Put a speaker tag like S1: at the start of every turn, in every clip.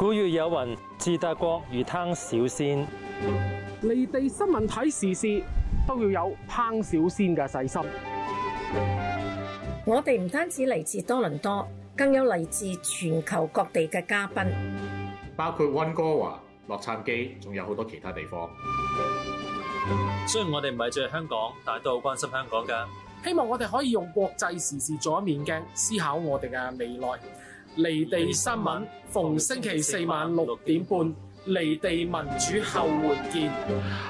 S1: 古語有云，治大國如烹小鮮。
S2: 離地新聞睇時事，都要有烹小鮮嘅細心。
S1: 我哋唔單止嚟自多倫多，更有嚟自全球各地嘅嘉賓，
S2: 包括溫哥華、洛杉磯，仲有好多其他地方。
S1: 雖然我哋唔係住喺香港，但係都好關心香港㗎。
S2: 希望我哋可以用國際時事做一面鏡，思考我哋嘅未來。離地新聞，逢星期四晚六點半，離地民主後援見。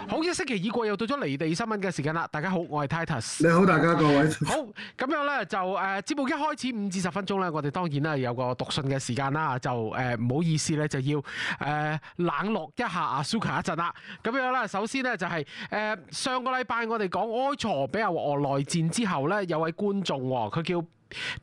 S2: 好，一星期已過，又到咗離地新聞嘅時間啦。大家好，我係 Titus。你好，大家各位。好，咁樣咧就誒、呃，節目一開始五至十分鐘咧，我哋當然啦有個讀信嘅時間啦，就誒唔、呃、好意思咧，就要誒、呃、冷落一下阿 Suki 一陣啦。咁樣咧，首先咧就係、是、誒、呃、上個禮拜我哋講埃塞俄比亞內戰之後咧，有位觀眾喎、哦，佢叫。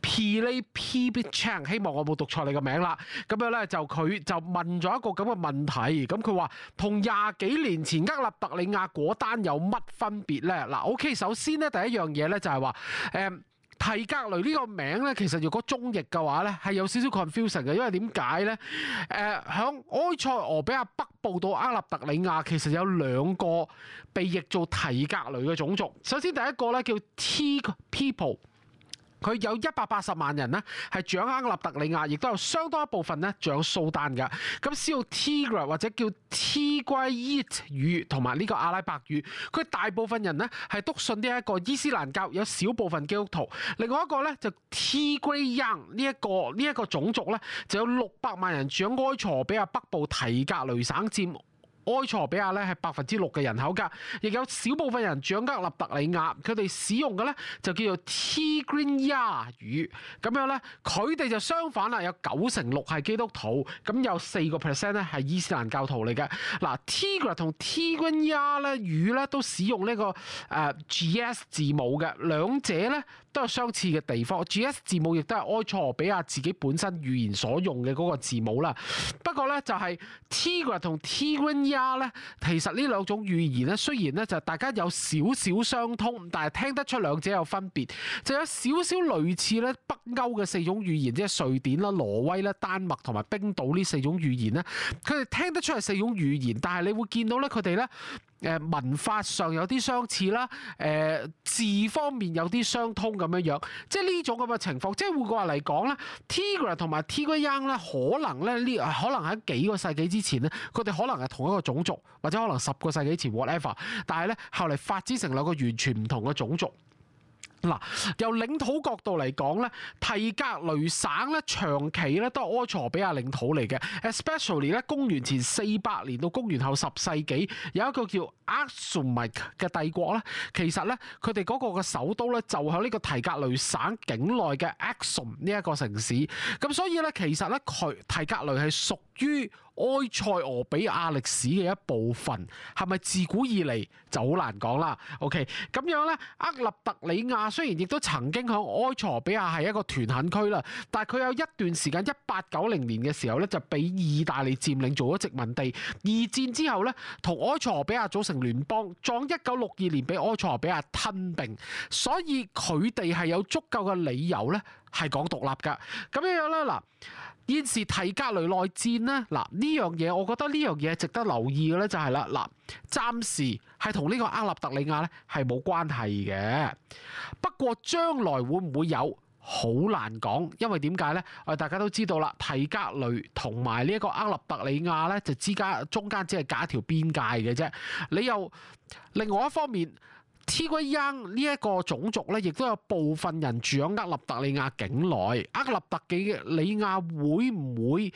S2: P. Lee P. B. Chan，希望我冇讀錯你個名啦。咁樣咧就佢就問咗一個咁嘅問題。咁佢話同廿幾年前厄立特里亞嗰單有乜分別咧？嗱，OK，首先咧第一樣嘢咧就係話誒提格雷呢個名咧，其實如果中譯嘅話咧係有少少 confusion 嘅，因為點解咧？誒、呃、響埃塞俄比亞北部到厄立特里亞其實有兩個被譯做提格雷嘅種族。首先第一個咧叫 T. People。佢有一百八十萬人呢，係住喺厄立特里亞，亦都有相當一部分呢仲有蘇丹噶。咁使用 Tigre 或者叫 Tigrayt 語同埋呢個阿拉伯語。佢大部分人呢，係篤信呢一個伊斯蘭教，有少部分基督徒。另外一個呢，就 Tigrayan 呢、呢、一個呢一、呢個種族呢，就有六百萬人住喺埃塞比亞北部提格雷省佔埃塞俄比亞咧係百分之六嘅人口㗎，亦有少部分人掌握厄立特里亞，佢哋使用嘅咧就叫做 Tigrinya 語，咁樣咧佢哋就相反啦，有九成六係基督徒，咁有四個 percent 咧係伊斯蘭教徒嚟嘅。嗱，Tigre 同 Tigrinya 咧語咧都使用呢、呢個誒、uh, GS 字母嘅，兩者咧。都有相似嘅地方，GS 字母亦都係埃塞俄比亞自己本身語言所用嘅嗰個字母啦。不過呢，就係、是、Tigre 同 Tigrinya 呢，其實呢兩種語言呢，雖然呢就是、大家有少少相通，但係聽得出兩者有分別，就有少少類似呢北歐嘅四種語言，即係瑞典啦、挪威啦、丹麥同埋冰島呢四種語言呢。佢哋聽得出係四種語言，但係你會見到呢，佢哋呢。誒文法上有啲相似啦，誒、呃、字方面有啲相通咁樣樣，即係呢種咁嘅情況，即係換句話嚟講咧，Tigre 同埋 Tigre Young 咧，可能咧呢，可能喺幾個世紀之前咧，佢哋可能係同一個種族，或者可能十個世紀前 whatever，但係咧後嚟發展成兩個完全唔同嘅種族。嗱，由領土角度嚟講咧，提格雷省咧長期咧都係埃塞俄比亞領土嚟嘅，especially 咧，公元前四百年到公元後十世紀，有一個叫 Axum 嘅帝國咧，其實咧佢哋嗰個嘅首都咧就喺呢個提格雷省境內嘅 Axum 呢一個城市，咁所以咧其實咧佢提格雷係屬於。埃塞俄比亞歷史嘅一部分係咪自古以嚟就好難講啦？OK，咁樣咧，厄立特里亞雖然亦都曾經喺埃塞俄比亞係一個團墾區啦，但係佢有一段時間，一八九零年嘅時候咧就俾意大利佔領做咗殖民地。二戰之後咧，同埃塞俄比亞組成聯邦，撞一九六二年俾埃塞俄比亞吞併，所以佢哋係有足夠嘅理由咧係講獨立㗎。咁樣樣啦。嗱。現時提格雷內戰呢，嗱呢樣嘢，我覺得呢樣嘢值得留意嘅咧，就係啦，嗱，暫時係同呢個厄立特里亞呢係冇關係嘅，不過將來會唔會有，好難講，因為點解呢？啊、呃，大家都知道啦，提格雷同埋呢一個厄立特里亞呢，就之間中間只係隔一條邊界嘅啫，你又另外一方面。t u 鬼陰呢一個種族咧，亦都有部分人住喺厄立特里亞境內。厄立特嘅里亞會唔會？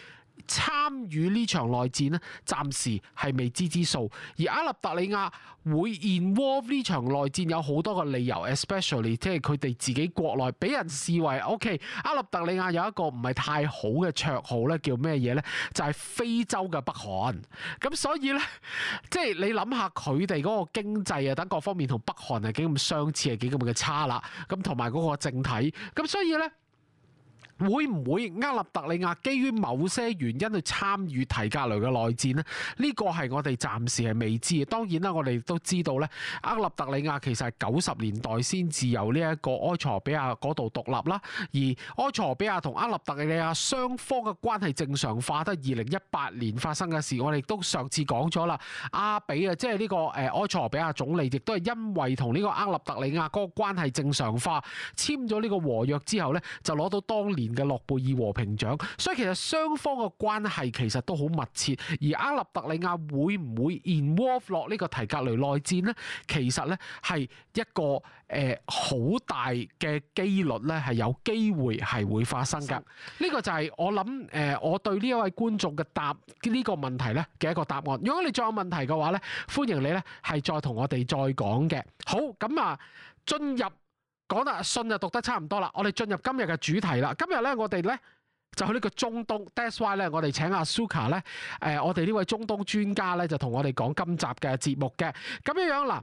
S2: 參與呢場內戰呢，暫時係未知之數。而阿納特里亞會 involve 呢場內戰有好多個理由，especially 即係佢哋自己國內俾人視為 OK。阿納特里亞有一個唔係太好嘅綽號呢，叫咩嘢呢？就係非洲嘅北韓。咁所以呢，即係你諗下佢哋嗰個經濟啊等各方面同北韓係幾咁相似，係幾咁嘅差啦。咁同埋嗰個政體，咁所以呢。會唔會厄立特里亞基於某些原因去參與提格雷嘅內戰咧？呢個係我哋暫時係未知嘅。當然啦，我哋都知道咧，厄立特里亞其實係九十年代先至由呢一個埃塞俄比亞嗰度獨立啦。而埃塞俄比亞同厄立特里亞雙方嘅關係正常化，都係二零一八年發生嘅事。我哋都上次講咗啦，阿比啊，即係呢個誒埃塞俄比亞總理，亦都係因為同呢個厄立特里亞嗰個關係正常化，簽咗呢個和約之後咧，就攞到當年嘅諾貝爾和平獎，所以其實雙方嘅關係其實都好密切，而阿納特里亞會唔會 involve 落呢個提格雷內戰呢？其實呢係一個誒、呃、好大嘅機率呢，係有機會係會發生㗎。呢個就係我諗誒、呃，我對呢一位觀眾嘅答呢個問題呢嘅一個答案。如果你再有問題嘅話呢，歡迎你呢係再同我哋再講嘅。好咁啊，進入。講啦，信就讀得差唔多啦。我哋進入今日嘅主題啦。今日咧，我哋咧就去呢個中東。That's why 咧，我哋請阿 Suka 咧，誒、呃，我哋呢位中東專家咧，就同我哋講今集嘅節目嘅。咁樣樣嗱。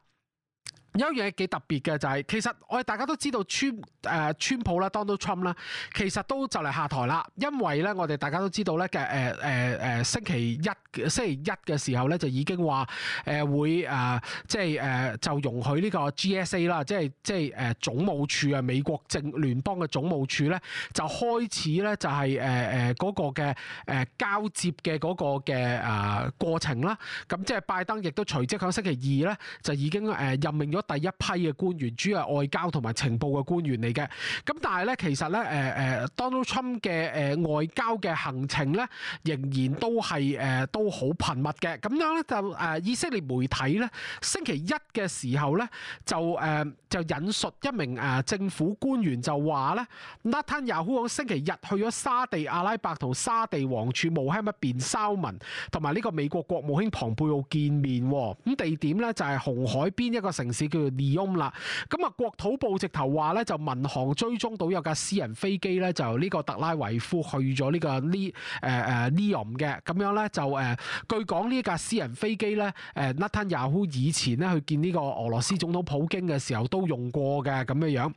S2: 有一樣嘢幾特別嘅就係、是，其實我哋大家都知道川誒川普啦，Donald Trump 啦，其實都就嚟下台啦，因為咧我哋大家都知道咧，嘅誒誒誒星期一星期一嘅時候咧就已經話誒、呃、會啊、呃，即係誒、呃、就容許呢個 GSA 啦，即係即係誒總務處啊，美國政聯邦嘅總務處咧就開始咧就係誒誒嗰個嘅誒交接嘅嗰個嘅誒過程啦。咁即係拜登亦都隨即響星期二咧就已經誒任命咗。第一批嘅官員主要係外交同埋情報嘅官員嚟嘅。咁但係咧，其實咧，誒誒 Donald Trump 嘅誒外交嘅行程咧，仍然都係誒、呃、都好頻密嘅。咁樣咧就誒以色列媒體咧，星期一嘅時候咧就誒、呃、就引述一名誒政府官員就話咧 Netanyahu 星期日去咗沙地阿拉伯同沙地王儲 Mohammed bin Salman 同埋呢個美國國務卿蓬佩奧見面，咁、哦、地點咧就係紅海邊一個城市。叫做 Neom 啦，咁啊，國土部直頭話咧，就民航追蹤到有架私人飛機咧，就呢個特拉維夫去咗呢個 Ne 誒誒 Neom 嘅，咁、呃、樣咧就誒、呃、據講呢架私人飛機咧，誒、呃、Netanyahu 以前咧去見呢個俄羅斯總統普京嘅時候都用過嘅咁樣樣，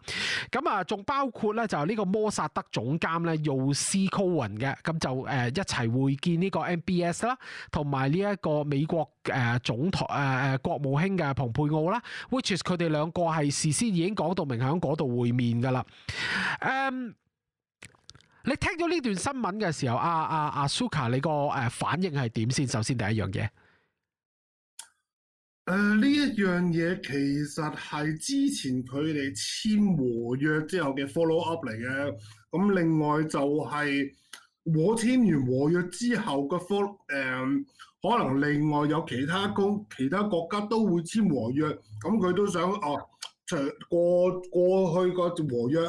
S2: 咁啊仲包括咧就呢個摩薩德總監咧，Yossi Cohen 嘅，咁就誒、呃、一齊會見呢個 MBS 啦，同埋呢一個美國誒、呃、總統誒誒、呃、國務卿嘅蓬佩奧啦。佢哋兩個係事先已經講到明喺嗰度會面㗎喇。誒、um，你聽咗呢段新聞嘅時候，阿阿阿蘇卡，你個誒反應係點先？首先第一樣嘢，
S1: 誒呢、呃、一樣嘢其實係之前佢哋簽和約之後嘅 follow up 嚟嘅。咁、嗯、另外就係。我簽完和約之後嘅福，誒、um，可能另外有其他公，其他國家都會簽和約，咁、嗯、佢都想哦，除過過去個和約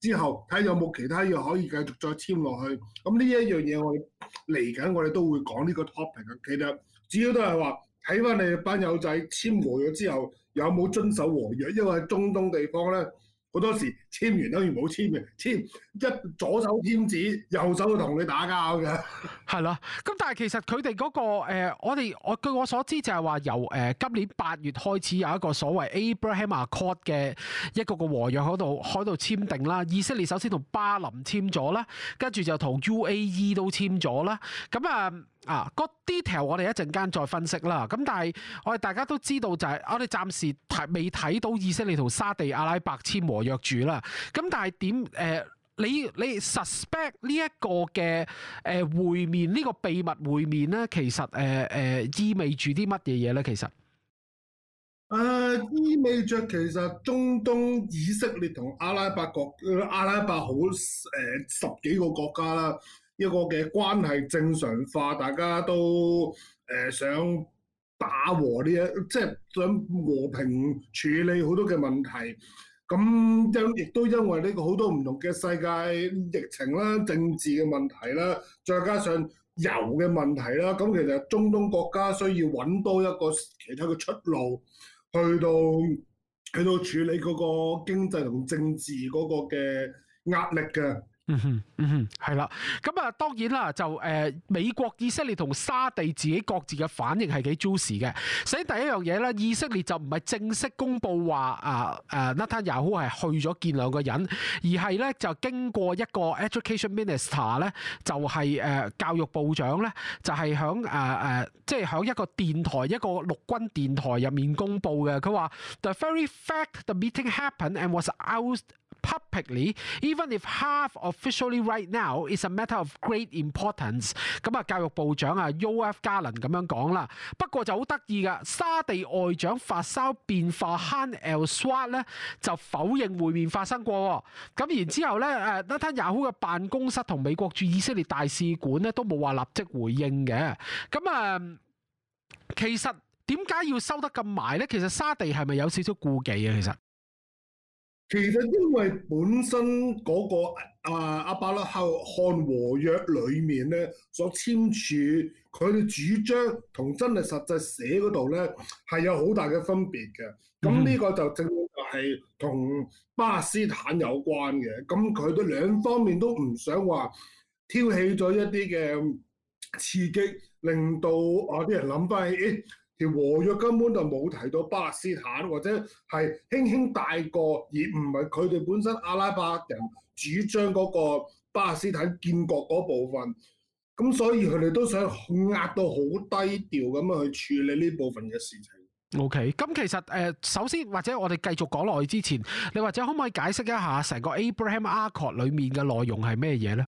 S1: 之後，睇有冇其他嘢可以繼續再簽落去。咁呢一樣嘢我嚟緊我哋都會講呢個 topic 啊。其實主要都係話睇返你班友仔簽和約之後有冇遵守和約，因為中東地方咧。好多時簽完都完冇簽嘅，簽一左手簽紙，右手就同你打交嘅。
S2: 係咯，咁但係其實佢哋嗰個誒、呃，我哋我據我所知就係話由誒今年八月開始有一個所謂 Abraham Accord 嘅一個個和約喺度喺度簽訂啦， 以色列首先同巴林簽咗啦，跟住就同 UAE 都簽咗啦，咁啊。啊，個 detail 我哋一陣間再分析啦。咁但係我哋大家都知道就係、是，我哋暫時睇未睇到以色列同沙地阿拉伯簽和約主啦。咁但係點？誒、呃，你你 suspect 呢一個嘅誒、呃、會面呢、呢個秘密會面咧，其實誒誒、呃呃、意味住啲乜嘢嘢咧？其實
S1: 誒、呃、意味着其實中東以色列同阿拉伯國、呃、阿拉伯好誒、呃、十幾個國家啦。一個嘅關係正常化，大家都誒、呃、想打和呢一，即係想和平處理好多嘅問題。咁亦都因為呢個好多唔同嘅世界疫情啦、政治嘅問題啦，再加上油嘅問題啦，咁其實中東國家需要揾多一個其他嘅出路，去到去到處理嗰個經濟同政治嗰個嘅壓力嘅。
S2: 嗯哼， 嗯哼，係啦，
S1: 咁 啊，當然啦，就誒
S2: 美國以色列同沙地自己各自嘅反應係幾 juicy 嘅，首先第一樣嘢咧，以色列就唔係正式公佈話啊誒 Netanyahu 係去咗見兩個人，而係咧就經過一個 education minister 咧，就係誒教育部長咧，就係響誒誒即係響一個電台一個陸軍電台入面公佈嘅，佢話 the very fact the meeting happened and was out Publicly, even if half officially right now is a matter of great importance。咁啊，教育部長啊，Uf 加林咁樣講啦。不過就好得意噶，沙地外長發生變化，Han El Swad 咧就否認會面發生過。咁然之後咧，誒，內塔尼亞胡嘅辦公室同美國駐以色列大使館咧都冇話立即回應嘅。咁啊，呃，其實點解要收得咁埋咧？其實沙地係咪有少少顧忌啊？其實。
S1: 其實因為本身嗰，那個啊阿伯拉罕和約裏面咧，所簽署佢嘅主張同真係實際寫嗰度咧，係有好大嘅分別嘅。咁呢、嗯，個就正正係同巴勒斯坦有關嘅。咁佢哋兩方面都唔想話挑起咗一啲嘅刺激，令到啊啲人諗返起。哎條和約根本就冇提到巴勒斯坦，或者係輕輕帶過，而唔係佢哋本身阿拉伯人主張嗰個巴勒斯坦建國嗰部分。咁所以佢哋都想壓到好低調咁啊去處理呢部分嘅事情。
S2: OK，咁其實誒、呃，首先或者我哋繼續講落去之前，你或者可唔可以解釋一下成
S1: 個 Abraham Accords 裡面嘅內容係咩嘢咧？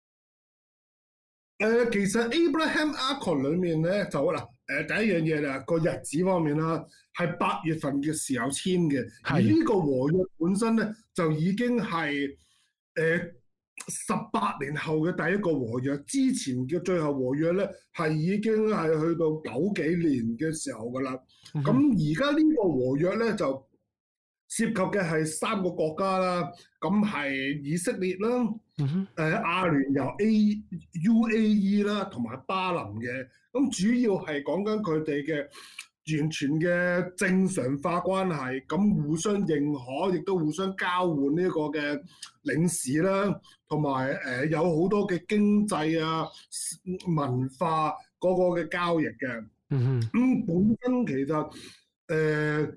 S1: 誒、呃，其實 Abraham Accord 裡面咧就嗱，誒、呃、第一樣嘢啦，個日子方面啦，係八月份嘅時候簽嘅，的而呢個和約本身咧就已經係誒十八年後嘅第一個和約，之前嘅最後和約咧係已經係去到九幾年嘅時候噶啦，咁而家呢個和約咧就。涉及嘅係三個國家啦，咁係以色列啦，誒阿、嗯哼呃、聯酋 A U A E 啦，同埋巴林嘅，咁主要係講緊佢哋嘅完全嘅正常化關係，咁互相認可，亦都互相交換呢個嘅領事啦，同埋誒有好多嘅經濟啊文化嗰個嘅交易嘅，咁、嗯哼嗯、本身其實誒。呃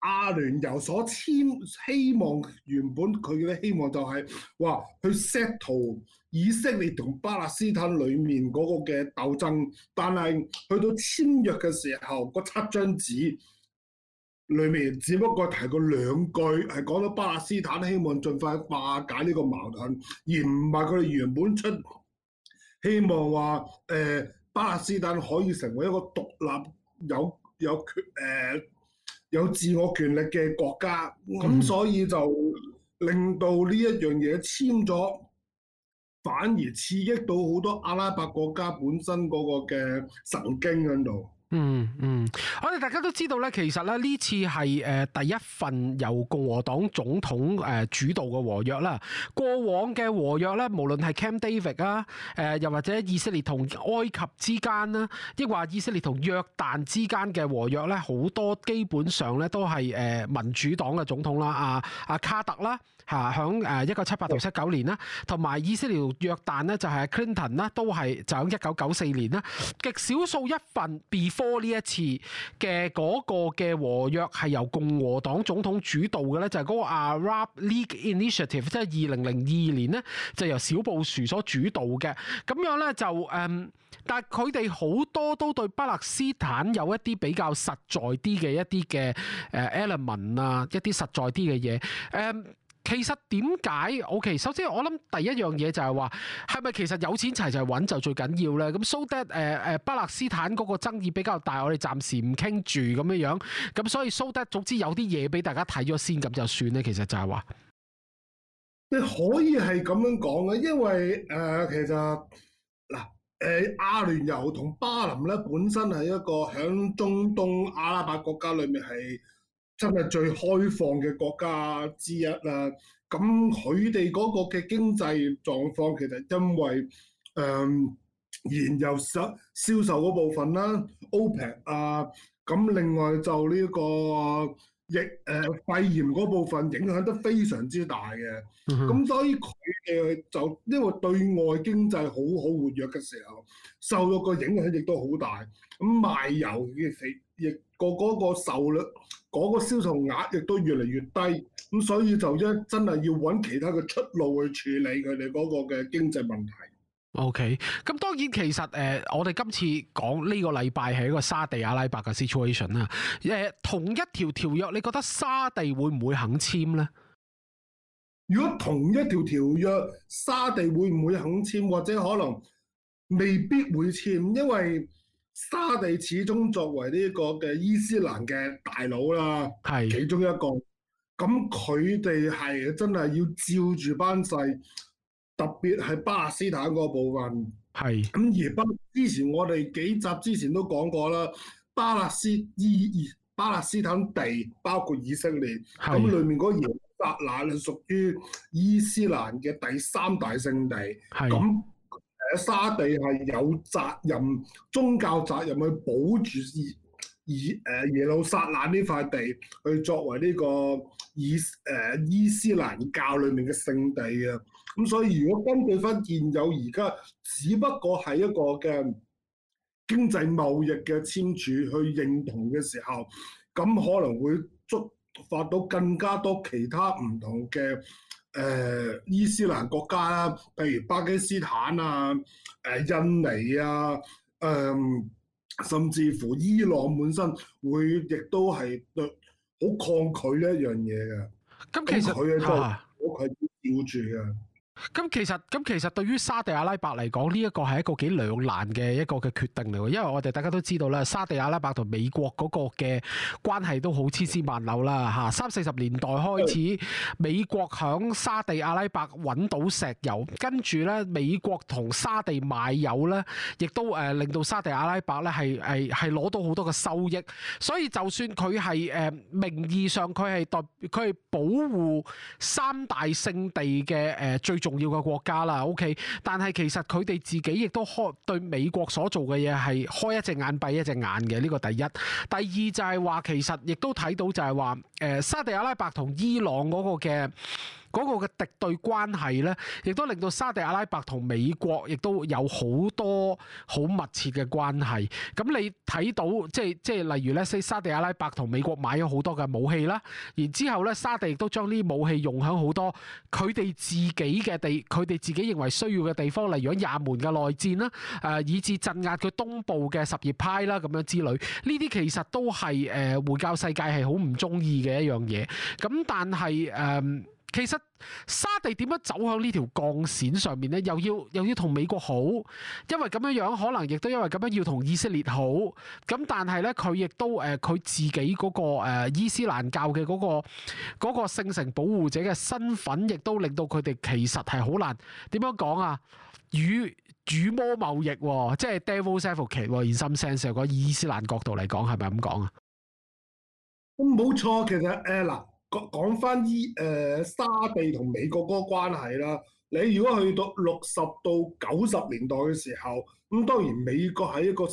S1: 阿聯酋所簽希望原本佢嘅希望就係話去 settle 以色列同巴勒斯坦裏面嗰個嘅鬥爭，但係去到簽約嘅時候，個七張紙裏面只不過提過兩句，係講到巴勒斯坦希望盡快化解呢個矛盾，而唔係佢哋原本出希望話誒、呃、巴勒斯坦可以成為一個獨立有有權誒。有自我權力嘅國家，咁、嗯、所以就令到呢一樣嘢簽咗，反而刺激到好多阿拉伯國家本身嗰個嘅神經喺度。
S2: 嗯嗯，我哋大家都知道咧，其實咧呢次係誒、呃、第一份由共和黨總統誒、呃、主導嘅和約啦。過往嘅和約咧，無論係 Camp David 啊、呃，誒又或者以色列同埃及之間啦，亦或以色列同約旦之間嘅和約咧，好多基本上咧都係誒、呃、民主黨嘅總統啦，阿、啊、阿、啊、卡特啦。啊嚇，響誒一九七八到一九七九年啦，同埋以色列約旦呢，就係阿克林頓啦，都係就響一九九四年啦。極少數一份 before 呢一次嘅嗰個嘅和約係由共和黨總統主導嘅咧，就係、是、嗰個 Arab League Initiative，即係二零零二年呢，就是、由小布殊所主導嘅。咁樣咧就誒、嗯，但係佢哋好多都對巴勒斯坦有一啲比較實在啲嘅一啲嘅誒 element 啊，一啲實在啲嘅嘢誒。嗯其實點解？OK，首先我諗第一樣嘢就係話，係咪其實有錢齊齊揾就最緊要咧？咁蘇德誒誒巴勒斯坦嗰個爭議比較大，我哋暫時唔傾住咁樣樣。咁所以蘇德總之有啲嘢俾大家睇咗先咁就算咧。其實就係、是、話，
S1: 你可以係咁樣講嘅，因為誒、呃、其實嗱誒、呃、阿聯酋同巴林咧本身係一個喺中東阿拉伯國家裡面係。真係最開放嘅國家之一啦、啊，咁佢哋嗰個嘅經濟狀況其實因為誒、呃、燃油售銷售部分啦 OPEC 啊，咁、啊、另外就呢個疫誒、呃、肺炎嗰部分影響得非常之大嘅，咁、mm hmm. 所以佢哋就因為對外經濟好好活躍嘅時候，受咗個影響亦都好大，咁賣油嘅疫個嗰個受率。嗰個銷售額亦都越嚟越低，咁所以就一真係要揾其他嘅出路去處理佢哋嗰個嘅經濟問題。
S2: OK，咁當然其實誒、呃，我哋今次講呢個禮拜係一個沙地阿拉伯嘅 situation 啦。
S1: 誒、呃，同一條條約，你覺得沙地會唔會肯簽咧？如果同一條條約，沙地會唔會肯簽，或者可能未必會簽，因為。沙地始終作為呢個嘅伊斯蘭嘅大佬啦，係是其中一個。咁佢哋係真係要照住班勢，特別係巴勒斯坦嗰部分，係是。咁而巴之前我哋幾集之前都講過啦，巴勒斯以巴勒斯坦地包括以色列，咁是裏面嗰個耶路撒冷係屬於伊斯蘭嘅第三大聖地，係是。沙地係有責任，宗教責任去保住以以耶路撒冷呢塊地，去作為呢個以誒伊斯蘭教裡面嘅聖地嘅。咁所以如果根據翻現有而家，只不過係一個嘅經濟貿易嘅簽署去認同嘅時候，咁可能會觸發到更加多其他唔同嘅。誒、呃，伊斯蘭國家啦，譬如巴基斯坦啊，誒、呃，印尼啊，誒、呃，甚至乎伊朗本身會亦都係對好抗拒呢一樣嘢嘅，
S2: 咁其實佢喺度，
S1: 我係照住嘅。
S2: 咁其實咁其實，對於沙地阿拉伯嚟講呢一個係一個幾兩難嘅一個嘅決定嚟喎，因為我哋大家都知道啦，沙地阿拉伯同美國嗰個嘅關係都好千絲萬縷啦吓，三四十年代開始，美國響沙地阿拉伯揾到石油，跟住咧美國同沙地買油咧，亦都誒、呃、令到沙地阿拉伯咧係係係攞到好多嘅收益，所以就算佢係誒，名義上佢係代佢係保護三大聖地嘅誒、呃、最重。重要嘅國家啦，OK，但係其實佢哋自己亦都開對美國所做嘅嘢係開一隻眼閉一隻眼嘅，呢、這個第一。第二就係話其實亦都睇到就係話，誒、呃，沙地阿拉伯同伊朗嗰個嘅。嗰個嘅敵對關係咧，亦都令到沙地阿拉伯同美國亦都有好多好密切嘅關係。咁你睇到即係即係，例如咧，沙地阿拉伯同美國買咗好多嘅武器啦，然之後咧，沙地亦都將啲武器用喺好多佢哋自己嘅地，佢哋自己認為需要嘅地方，例如喺也門嘅內戰啦，誒、呃、以至鎮壓佢東部嘅什葉派啦，咁樣之類。呢啲其實都係誒、呃、回教世界係好唔中意嘅一樣嘢。咁但係誒、呃其實沙地點樣走向呢條鋼線上面咧，又要又要同美國好，因為咁樣樣可能亦都因為咁樣要同以色列好。咁但係咧，佢亦都誒佢、呃、自己嗰、那個、呃、伊斯蘭教嘅嗰、那個嗰聖城保護者嘅身份，亦都令到佢哋其實係好難點樣講啊！與主魔貿易、啊，即係 Devil's Advocate 喎，in some sense，如果以伊斯蘭角度嚟講，係咪咁講啊？冇
S1: 錯，其實誒、呃講講翻依誒沙地同美國嗰個關係啦。你如果去到六十到九十年代嘅時候，咁當然美國喺一個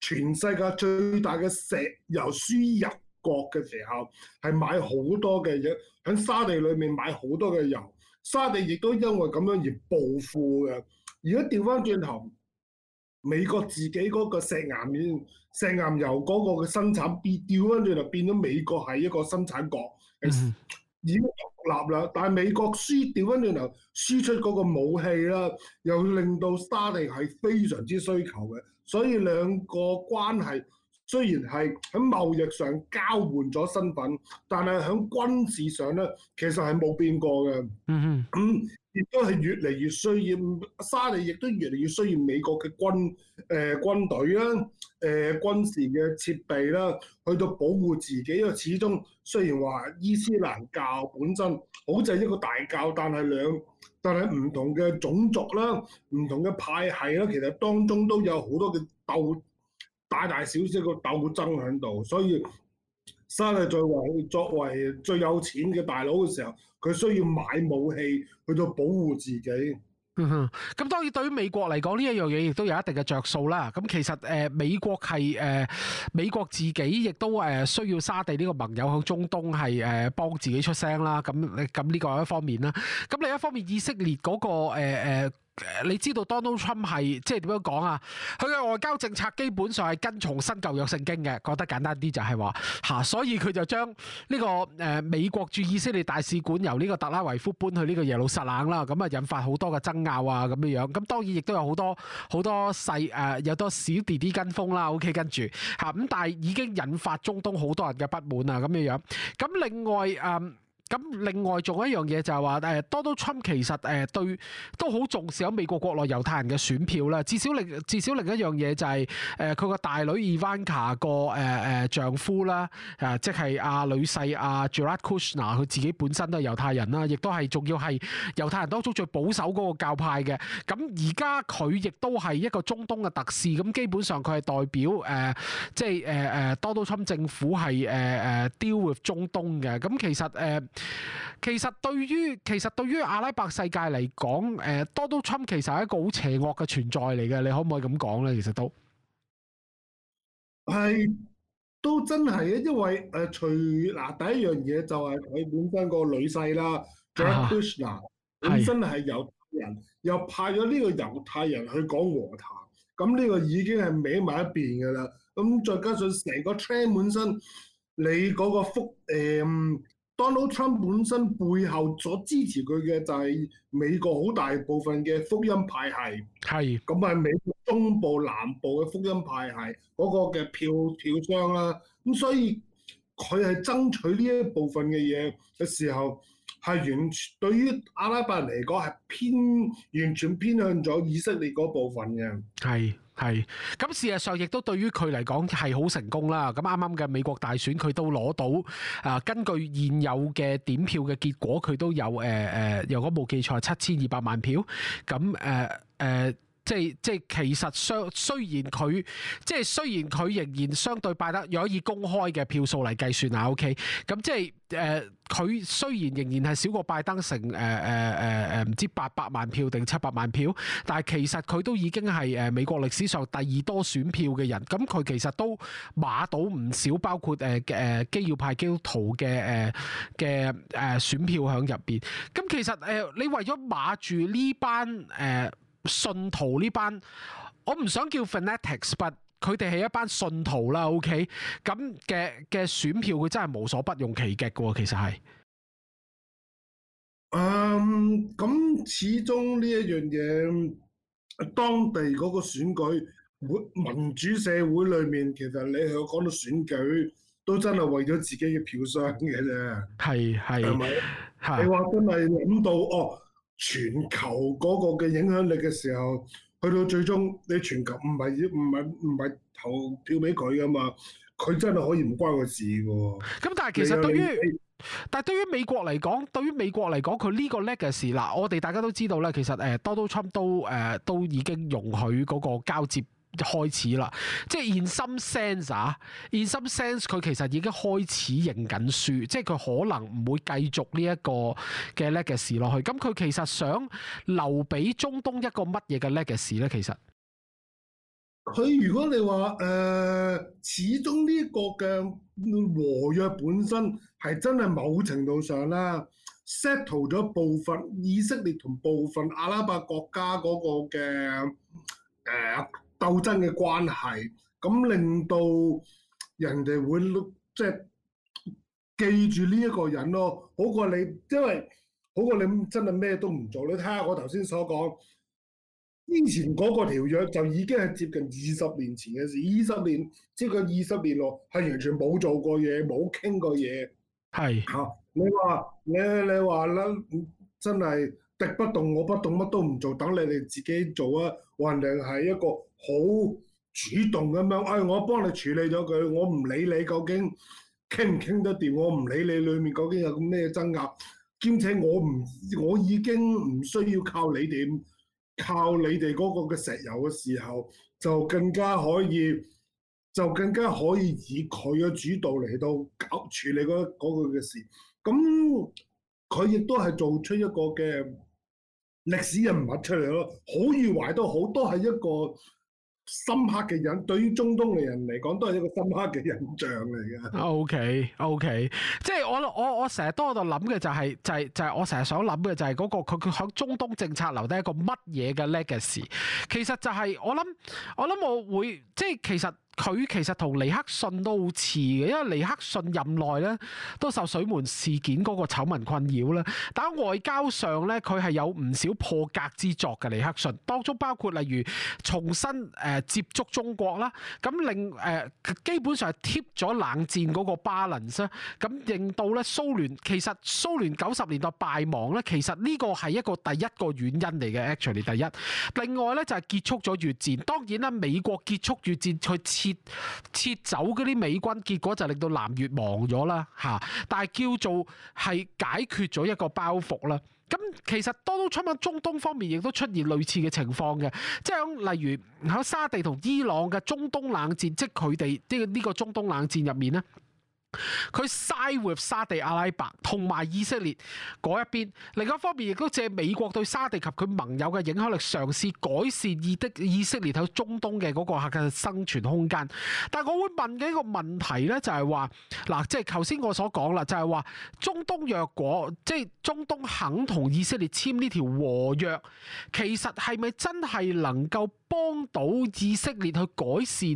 S1: 全世界最大嘅石油輸入國嘅時候，係買好多嘅嘢，喺沙地裏面買好多嘅油。沙地亦都因為咁樣而暴富嘅。而家調翻轉頭，美國自己嗰個石岩面、石岩油嗰個嘅生產跌掉，跟住就變咗美國係一個生產國。 已經獨立啦，但係美國輸掉跟住又輸出嗰個武器啦，又令到沙地係非常之需求嘅，所以兩個關係雖然係喺貿易上交換咗身份，但係喺軍事上咧，其實係冇變過嘅。嗯嗯。咁。 亦都係越嚟越需要，沙利，亦都越嚟越需要美國嘅軍誒軍隊啦，誒、呃、軍事嘅設備啦，去到保護自己。因為始終雖然話伊斯蘭教本身好似係一個大教，但係兩但係唔同嘅種族啦，唔同嘅派系啦，其實當中都有好多嘅鬥大大小小嘅鬥爭喺度，所以。沙地在為作為最有錢嘅大佬嘅時候，佢需要買武器去到保護自己。
S2: 咁、嗯、當然對於美國嚟講呢一樣嘢，亦都有一定嘅着數啦。咁其實誒、呃、美國係誒、呃、美國自己亦都誒需要沙地呢個盟友喺中東係誒、呃、幫自己出聲啦。咁咁呢個係一方面啦。咁另一方面，以色列嗰、那個誒、呃呃你知道 Donald Trump 係即係點樣講啊？佢嘅外交政策基本上係跟從新舊約聖經嘅，覺得簡單啲就係話嚇，所以佢就將呢、這個誒、呃、美國駐以色列大使館由呢個特拉維夫搬去呢個耶路撒冷啦，咁、嗯、啊引發好多嘅爭拗啊咁樣樣，咁、嗯、當然亦都有好多好多細誒、呃，有多小弟弟跟風啦。OK，跟住嚇，咁、嗯、但係已經引發中東好多人嘅不滿啊咁樣樣。咁、嗯、另外誒。嗯咁另外仲有一樣嘢就係話誒 Donald Trump 其實誒對都好重視咗美國國內猶太人嘅選票啦。至少另至少另一樣嘢就係誒佢個大女 Ivanka 個丈夫啦，啊、呃、即係阿女婿阿 Jared Kushner 佢自己本身都係猶太人啦，亦都係仲要係猶太人當中最保守嗰個教派嘅。咁而家佢亦都係一個中東嘅特使，咁、呃、基本上佢係代表誒、呃、即係誒誒 Donald Trump 政府係誒誒 deal with 中東嘅。咁、呃、其實誒。呃其實對於其實對於阿拉伯世界嚟講，誒，Donald Trump 其實係一個好邪惡嘅存在嚟嘅，你可唔可以咁講咧？其實都
S1: 係都真係啊，因為誒、呃，除嗱、啊、第一樣嘢就係佢本身個女婿啦，Trump 本身係猶太人，又派咗呢個猶太人去講和談，咁呢個已經係歪埋一邊噶啦。咁再加上成個 Trump 本身，你嗰個福誒。呃 Donald Trump 本身背後所支持佢嘅就係美國好大部分嘅福音派系，係咁係美國東部南部嘅福音派系嗰、嗰個嘅票票箱啦，咁所以佢係爭取呢一部分嘅嘢嘅時候，係完全對於阿拉伯人嚟講係偏完全偏向咗以色列嗰部分嘅，係。係，
S2: 咁事實上亦都對於佢嚟講係好成功啦。咁啱啱嘅美國大選，佢都攞到啊！根據現有嘅點票嘅結果，佢都有誒誒，如果冇記錯，七千二百萬票。咁誒誒。呃呃即係即係，其實相雖然佢即係雖然佢仍然相對拜登，若果以公開嘅票數嚟計算啊，OK。咁即係誒，佢雖然仍然係少過拜登成誒誒誒誒唔知八百萬票定七百萬票，但係其實佢都已經係誒美國歷史上第二多選票嘅人。咁佢其實都馬到唔少，包括誒誒基要派基督徒嘅誒嘅誒選票喺入邊。咁其實誒、呃，你為咗馬住呢班誒。呃信徒呢班，我唔想叫 fanatics，but 佢哋係一班信徒啦。OK，咁嘅嘅選票佢真係無所不用其極嘅喎，其實係。
S1: 嗯，咁始終呢一樣嘢，當地嗰個選舉，民主社會裏面，其實你係講到選舉，都真係為咗自己嘅票箱嘅啫。係係，係是你話真係諗到哦。全球嗰個嘅影響力嘅時候，去到最終你全球唔係唔係唔係投票俾佢噶嘛？佢真係可以唔關佢事喎。咁但係其實對於，是但係對於美國嚟講，對於美國嚟講，佢呢個 legacy 嗱，
S2: 我哋大家都知道啦。其實誒 Donald Trump 都誒、呃、都已經容許嗰個交接。開始啦，即係 in some sense 啊、uh，in some sense 佢其實已經開始認緊輸，即係佢可能唔會繼續呢一個嘅 legacy 落去。咁、嗯、佢其實想留俾中東一個乜嘢嘅 legacy 咧？其實
S1: 佢如果你話誒、呃，始終呢個嘅和約本身係真係某程度上啦 settle 咗部分以色列同部分阿拉伯國家嗰個嘅誒，呃鬥爭嘅關係，咁令到人哋會即係、就是、記住呢一個人咯，好過你，因為好過你真係咩都唔做。你睇下我頭先所講，之前嗰個條約就已經係接近二十年前嘅事，二十年即係佢二十年囉，係完全冇做過嘢，冇傾過嘢。係嚇是、啊，你話你你話啦，真係。食不動我不動，乜都唔做，等你哋自己做啊！橫掂係一個好主動咁樣，誒、哎、我幫你處理咗佢，我唔理你究竟傾唔傾得掂，我唔理你裡面究竟有咁咩爭拗，兼且我唔我已經唔需要靠你哋，靠你哋嗰個嘅石油嘅時候，就更加可以就更加可以以佢嘅主導嚟到搞處理嗰、嗰、嘅、個嗰個、事。咁佢亦都係做出一個嘅。歷史人物出嚟咯，好與壞都好，都係一個深刻嘅人。對於中東嘅人嚟講，都係一個深刻嘅印象嚟嘅。
S2: O K O K，即係我我我成日都喺度諗嘅就係、是、就係、是、就係、是、我成日想諗嘅就係嗰、那個佢佢響中東政策留低一個乜嘢嘅 legacy。其實就係、是、我諗我諗我會即係其實。佢其實同尼克遜都好似嘅，因為尼克遜任內咧都受水門事件嗰個醜聞困擾啦。但外交上咧，佢係有唔少破格之作嘅。尼克遜當中包括例如重新誒、呃、接觸中國啦，咁令誒、呃、基本上係貼咗冷戰嗰個 balance。咁令到咧蘇聯其實蘇聯九十年代敗亡咧，其實呢個係一個第一個原因嚟嘅。actually 第一。另外咧就係、是、結束咗越戰。當然啦，美國結束越戰佢。撤走嗰啲美軍，結果就令到南越亡咗啦嚇，但係叫做係解決咗一個包袱啦。咁其實當中出翻中東方面，亦都出現類似嘅情況嘅，即係例如喺沙地同伊朗嘅中東冷戰，即佢哋呢個呢個中東冷戰入面咧。佢 side with 沙地阿拉伯同埋以色列嗰一邊，另一方面亦都借美國對沙地及佢盟友嘅影響力，嘗試改善意的以色列喺中東嘅嗰個嘅生存空間。但係我會問嘅一個問題呢，就係話嗱，即係頭先我所講啦，就係話中東若果即係中東肯同以色列簽呢條和約，其實係咪真係能夠幫到以色列去改善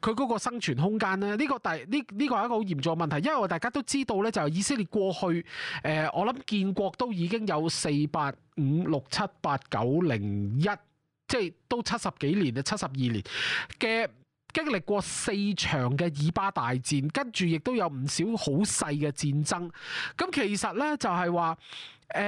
S2: 佢嗰個生存空間呢？呢個第呢呢個係一個好嚴重問題，因為大家都知道咧，就係、以色列過去，誒、呃，我諗建國都已經有四八五六七八九零一，即係都七十幾年啊，七十二年嘅經歷，過四場嘅以巴大戰，跟住亦都有唔少好細嘅戰爭。咁其實咧就係、係、話，誒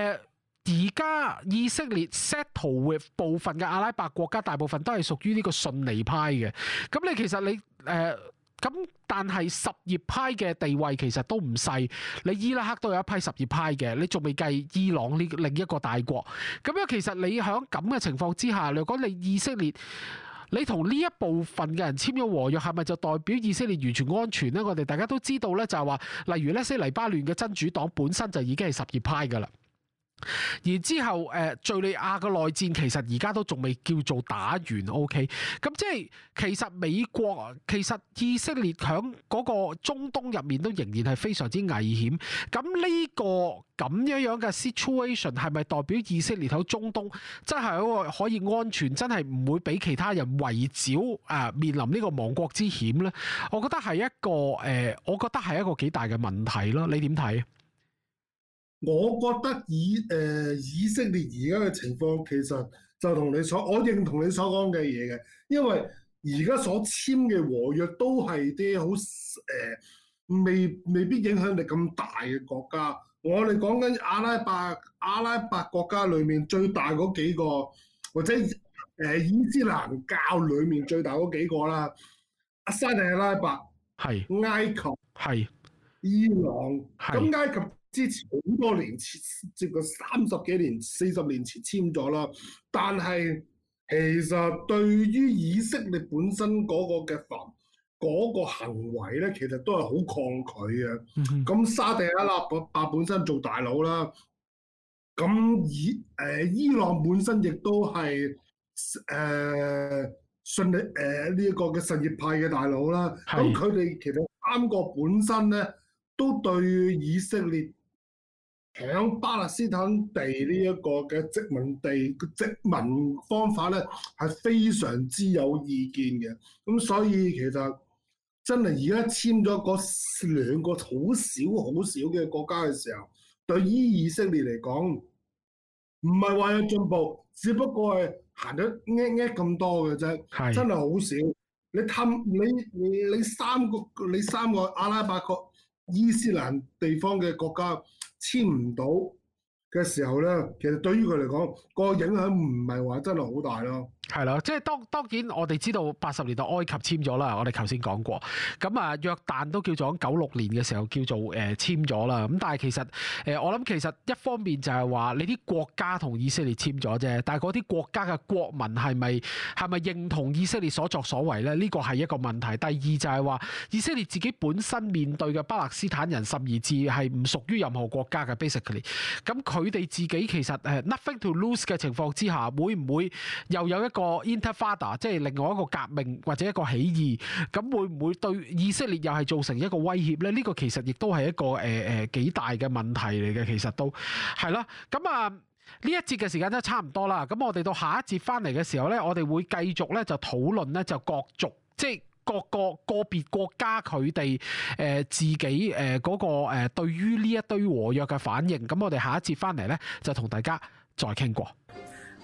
S2: 而家以色列 settle with 部分嘅阿拉伯國家，大部分都係屬於呢個遜尼派嘅。咁你其實你誒，呃咁但係什葉派嘅地位其實都唔細，你伊拉克都有一批什葉派嘅，你仲未計伊朗呢另一個大國。咁樣其實你喺咁嘅情況之下，如果你以色列，你同呢一部分嘅人簽咗和約，係咪就代表以色列完全安全呢？我哋大家都知道呢，就係話，例如呢些黎巴嫩嘅真主黨本身就已經係什葉派噶啦。而之後，誒、呃、敍利亞個內戰其實而家都仲未叫做打完，OK。咁即係其實美國，其實以色列喺嗰個中東入面都仍然係非常之危險。咁呢、呢個咁樣樣嘅 situation 係咪代表以色列喺中東真係一個可以安全，真係唔會俾其他人圍剿啊、呃，面臨呢個亡國之險呢，我覺得係一個誒、呃，我覺得係一個幾大嘅問題咯。你點睇？
S1: 我覺得以誒、呃、以色列而家嘅情況，其實就同你所我認同你所講嘅嘢嘅，因為而家所簽嘅和約都係啲好誒，未未必影響力咁大嘅國家。我哋講緊阿拉伯阿拉伯國家裏面最大嗰幾個，或者誒、呃、伊斯蘭教裏面最大嗰幾個啦，阿沙特阿拉伯係埃及係伊朗咁埃及。之前好多年，接近三十幾年、四十年前簽咗啦。但係其實對於以色列本身嗰個嘅份嗰個行為咧，其實都係好抗拒嘅。咁、嗯、哼沙地阿拉伯本身做大佬啦。咁伊誒伊朗本身亦都係誒信誒呢一個嘅什葉派嘅大佬啦。咁佢哋其實三個本身咧都對以色列。響巴勒斯坦地呢一個嘅殖民地殖民方法咧，係非常之有意見嘅。咁所以其實真係而家簽咗個兩個好少好少嘅國家嘅時候，對於以，以色列嚟講，唔係話有進步，只不過係行咗呃呃咁多嘅啫，的真係好少。你氹你你，你三個你三個阿拉伯國。伊斯蘭地方嘅國家簽唔到嘅時候咧，其實對於佢嚟講，個影響唔係話真係好大咯。
S2: 係咯，即係當當然我哋知道八十年代埃及簽咗啦，我哋頭先講過，咁啊約旦都叫做九六年嘅時候叫做誒簽咗啦，咁但係其實誒我諗其實一方面就係話你啲國家同以色列簽咗啫，但係啲國家嘅國民係咪係咪認同以色列所作所為咧？呢個係一個問題，第二就係話以色列自己本身面對嘅巴勒斯坦人，甚至係唔屬於任何國家嘅 basically，咁佢哋自己其實誒 nothing to lose 嘅情況之下，會唔會又有一個。個 Intifada 即係另外一個革命或者一個起義，咁會唔會對以色列又係造成一個威脅咧？呢個其實亦都係一個誒誒幾大嘅問題嚟嘅。其實都係咯。咁啊，呢一節嘅時間都差唔多啦。咁我哋到下一節翻嚟嘅時候咧，我哋會繼續咧就討論咧就各族即係各個個別國家佢哋誒自己誒嗰個誒對於呢一堆和約嘅反應。咁我哋下一節翻嚟咧就同大家再傾過。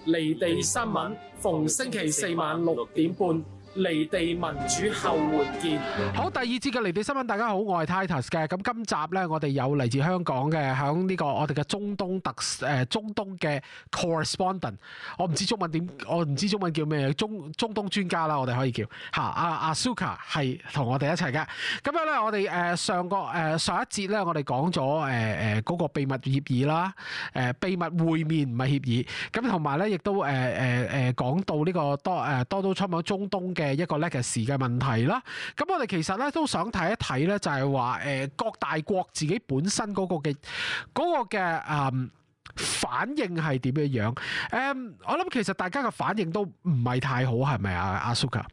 S2: 離地新聞，逢星期四晚六點半。離地民主後援建好，第二節嘅離地新聞，大家好，我係 Titus 嘅。咁今集咧，我哋有嚟自香港嘅，響呢、這個我哋嘅中東特誒中東嘅 correspondent，我唔知中文點，我唔知中文叫咩，中中東專家啦，我哋可以叫嚇。阿、啊、阿 Suka 係同我哋一齊嘅。咁樣咧，我哋誒上個誒上一節咧，我哋講咗誒誒嗰個秘密協議啦，誒、呃、秘密會面唔係協議，咁同埋咧亦都誒誒誒講到呢個多誒 Donald Trump 中東嘅。嘅一個呢個時嘅問題啦，咁我哋其實咧都想睇一睇咧，就係話誒各大國自己本身嗰個嘅嗰個嘅誒反應係點樣樣？誒、嗯，我諗其實大家嘅反應都唔係太好，係咪啊？阿蘇卡，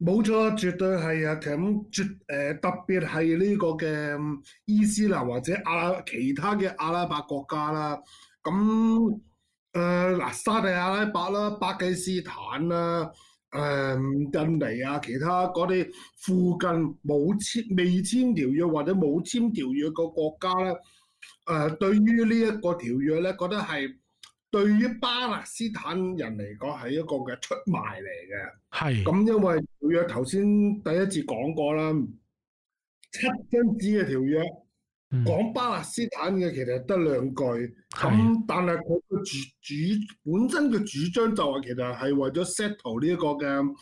S1: 冇錯，絕對係啊！咁絕誒、呃、特別係呢個嘅伊斯蘭或者阿其他嘅阿拉伯國家啦，咁誒嗱，沙地阿拉伯啦、巴基斯坦啦。誒印尼啊，嗯、其他嗰啲附近冇簽、未簽條約或者冇簽條約個國家咧，誒、呃、對於呢一個條約咧，覺得係對於巴勒斯坦人嚟講係一個嘅出賣嚟嘅。係是。咁、嗯、因為條約頭先第一次講過啦，七張紙嘅條約。講、嗯、巴勒斯坦嘅其實得兩句，咁是但係佢主主本身嘅主張就係其實係為咗 settle 呢一個嘅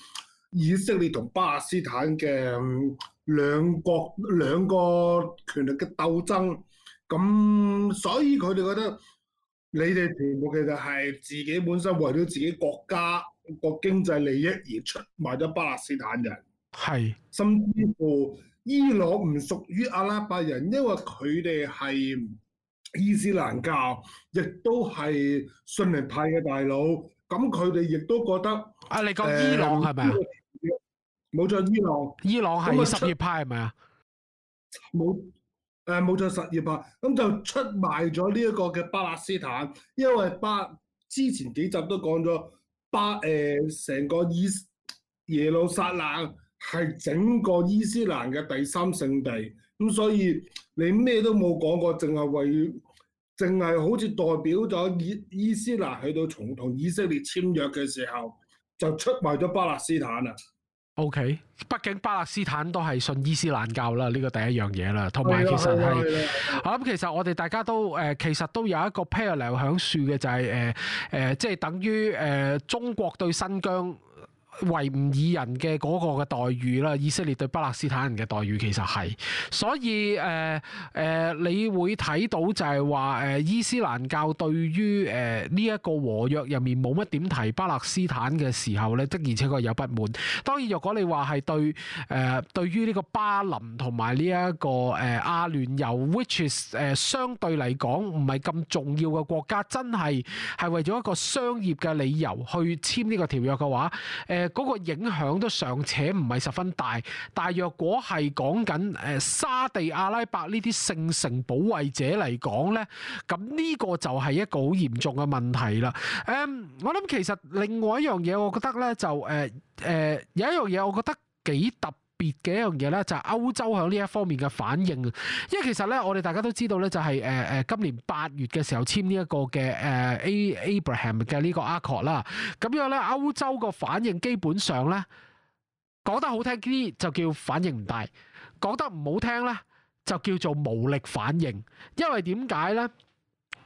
S1: 以色列同巴勒斯坦嘅兩國兩個權力嘅鬥爭，咁所以佢哋覺得你哋全部其實係自己本身為咗自己國家個經濟利益而出賣咗巴勒斯坦人，係是，甚至乎。伊朗唔屬於阿拉伯人，因為佢哋係伊斯蘭教，亦都係信尼派嘅大佬。咁佢哋亦都覺得，啊，你講伊朗係咪啊？冇、呃、錯，伊朗。伊朗係實業派係咪啊？冇，誒冇錯，實業派。咁就、呃、就出賣咗呢一個嘅巴勒斯坦，因為巴之前幾集都講咗巴誒成、呃、個以耶路撒冷。嗯係整個伊斯蘭嘅第三聖地，咁所以你咩都冇講過，淨係為淨係好似代表咗伊伊斯蘭去到重同以色列簽約嘅時候，就出賣咗巴勒斯坦啦。
S2: OK，畢竟巴勒斯坦都係信伊斯蘭教啦，呢個第一樣嘢啦，同埋其實係，我諗其實我哋大家都誒、呃，其實都有一個 parallel 喺樹嘅，就係誒誒，即係等於誒、呃、中國對新疆。維吾爾人嘅嗰個嘅待遇啦，以色列對巴勒斯坦人嘅待遇其實係，所以誒誒、呃呃，你會睇到就係話誒伊斯蘭教對於誒呢一個和約入面冇乜點提巴勒斯坦嘅時候咧，的而且確有不滿。當然，若果你話係對誒、呃、對於呢個巴林同埋呢一個誒阿、呃、聯酋，which is、呃、相對嚟講唔係咁重要嘅國家，真係係為咗一個商業嘅理由去簽呢個條約嘅話，誒、呃。嗰個影響都尚且唔係十分大，但係若果係講緊誒沙地阿拉伯呢啲聖城保衞者嚟講咧，咁呢個就係一個好嚴重嘅問題啦。誒、嗯，我諗其實另外一樣嘢，我覺得咧就誒誒、呃呃、有一樣嘢，我覺得幾特別。特別嘅一樣嘢咧，就係、係、歐洲喺呢一方面嘅反應。因為其實咧，我哋大家都知道咧、就係，就係誒誒今年八月嘅時候簽、呢個呃、ord, 呢一個嘅誒 A Abraham 嘅呢個 Accord 啦。咁樣咧，歐洲個反應基本上咧，講得好聽啲就叫反應唔大，講得唔好聽咧就叫做無力反應。因為點解咧？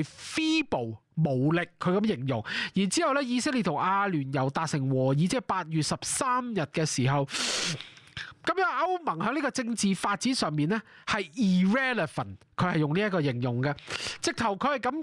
S2: 係 feeble 無力，佢咁形容。然之後咧，以色列同阿聯酋達成和議，即係八月十三日嘅時候。咁樣歐盟喺呢個政治發展上面咧，係 irrelevant，佢係用呢一個形容嘅。直頭佢係咁。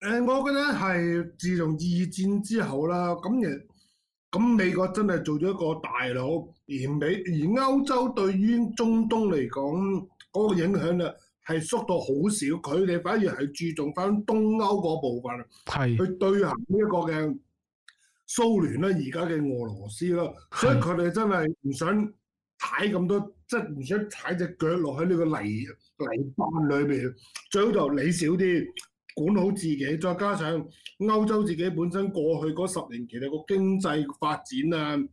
S1: 誒，我覺得係自從二戰之後啦，咁人咁美國真係做咗一個大佬，而美而歐洲對於中東嚟講嗰個影響啊，係縮到好少，佢哋反而係注重翻東歐嗰部分，係去對行呢一個嘅蘇聯啦，而家嘅俄羅斯啦，所以佢哋真係唔想踩咁多，即係唔想踩隻腳落喺呢個泥泥巴裏邊，最好就理少啲。管好自己，再加上歐洲自己本身過去嗰十年其實個經濟發展啊，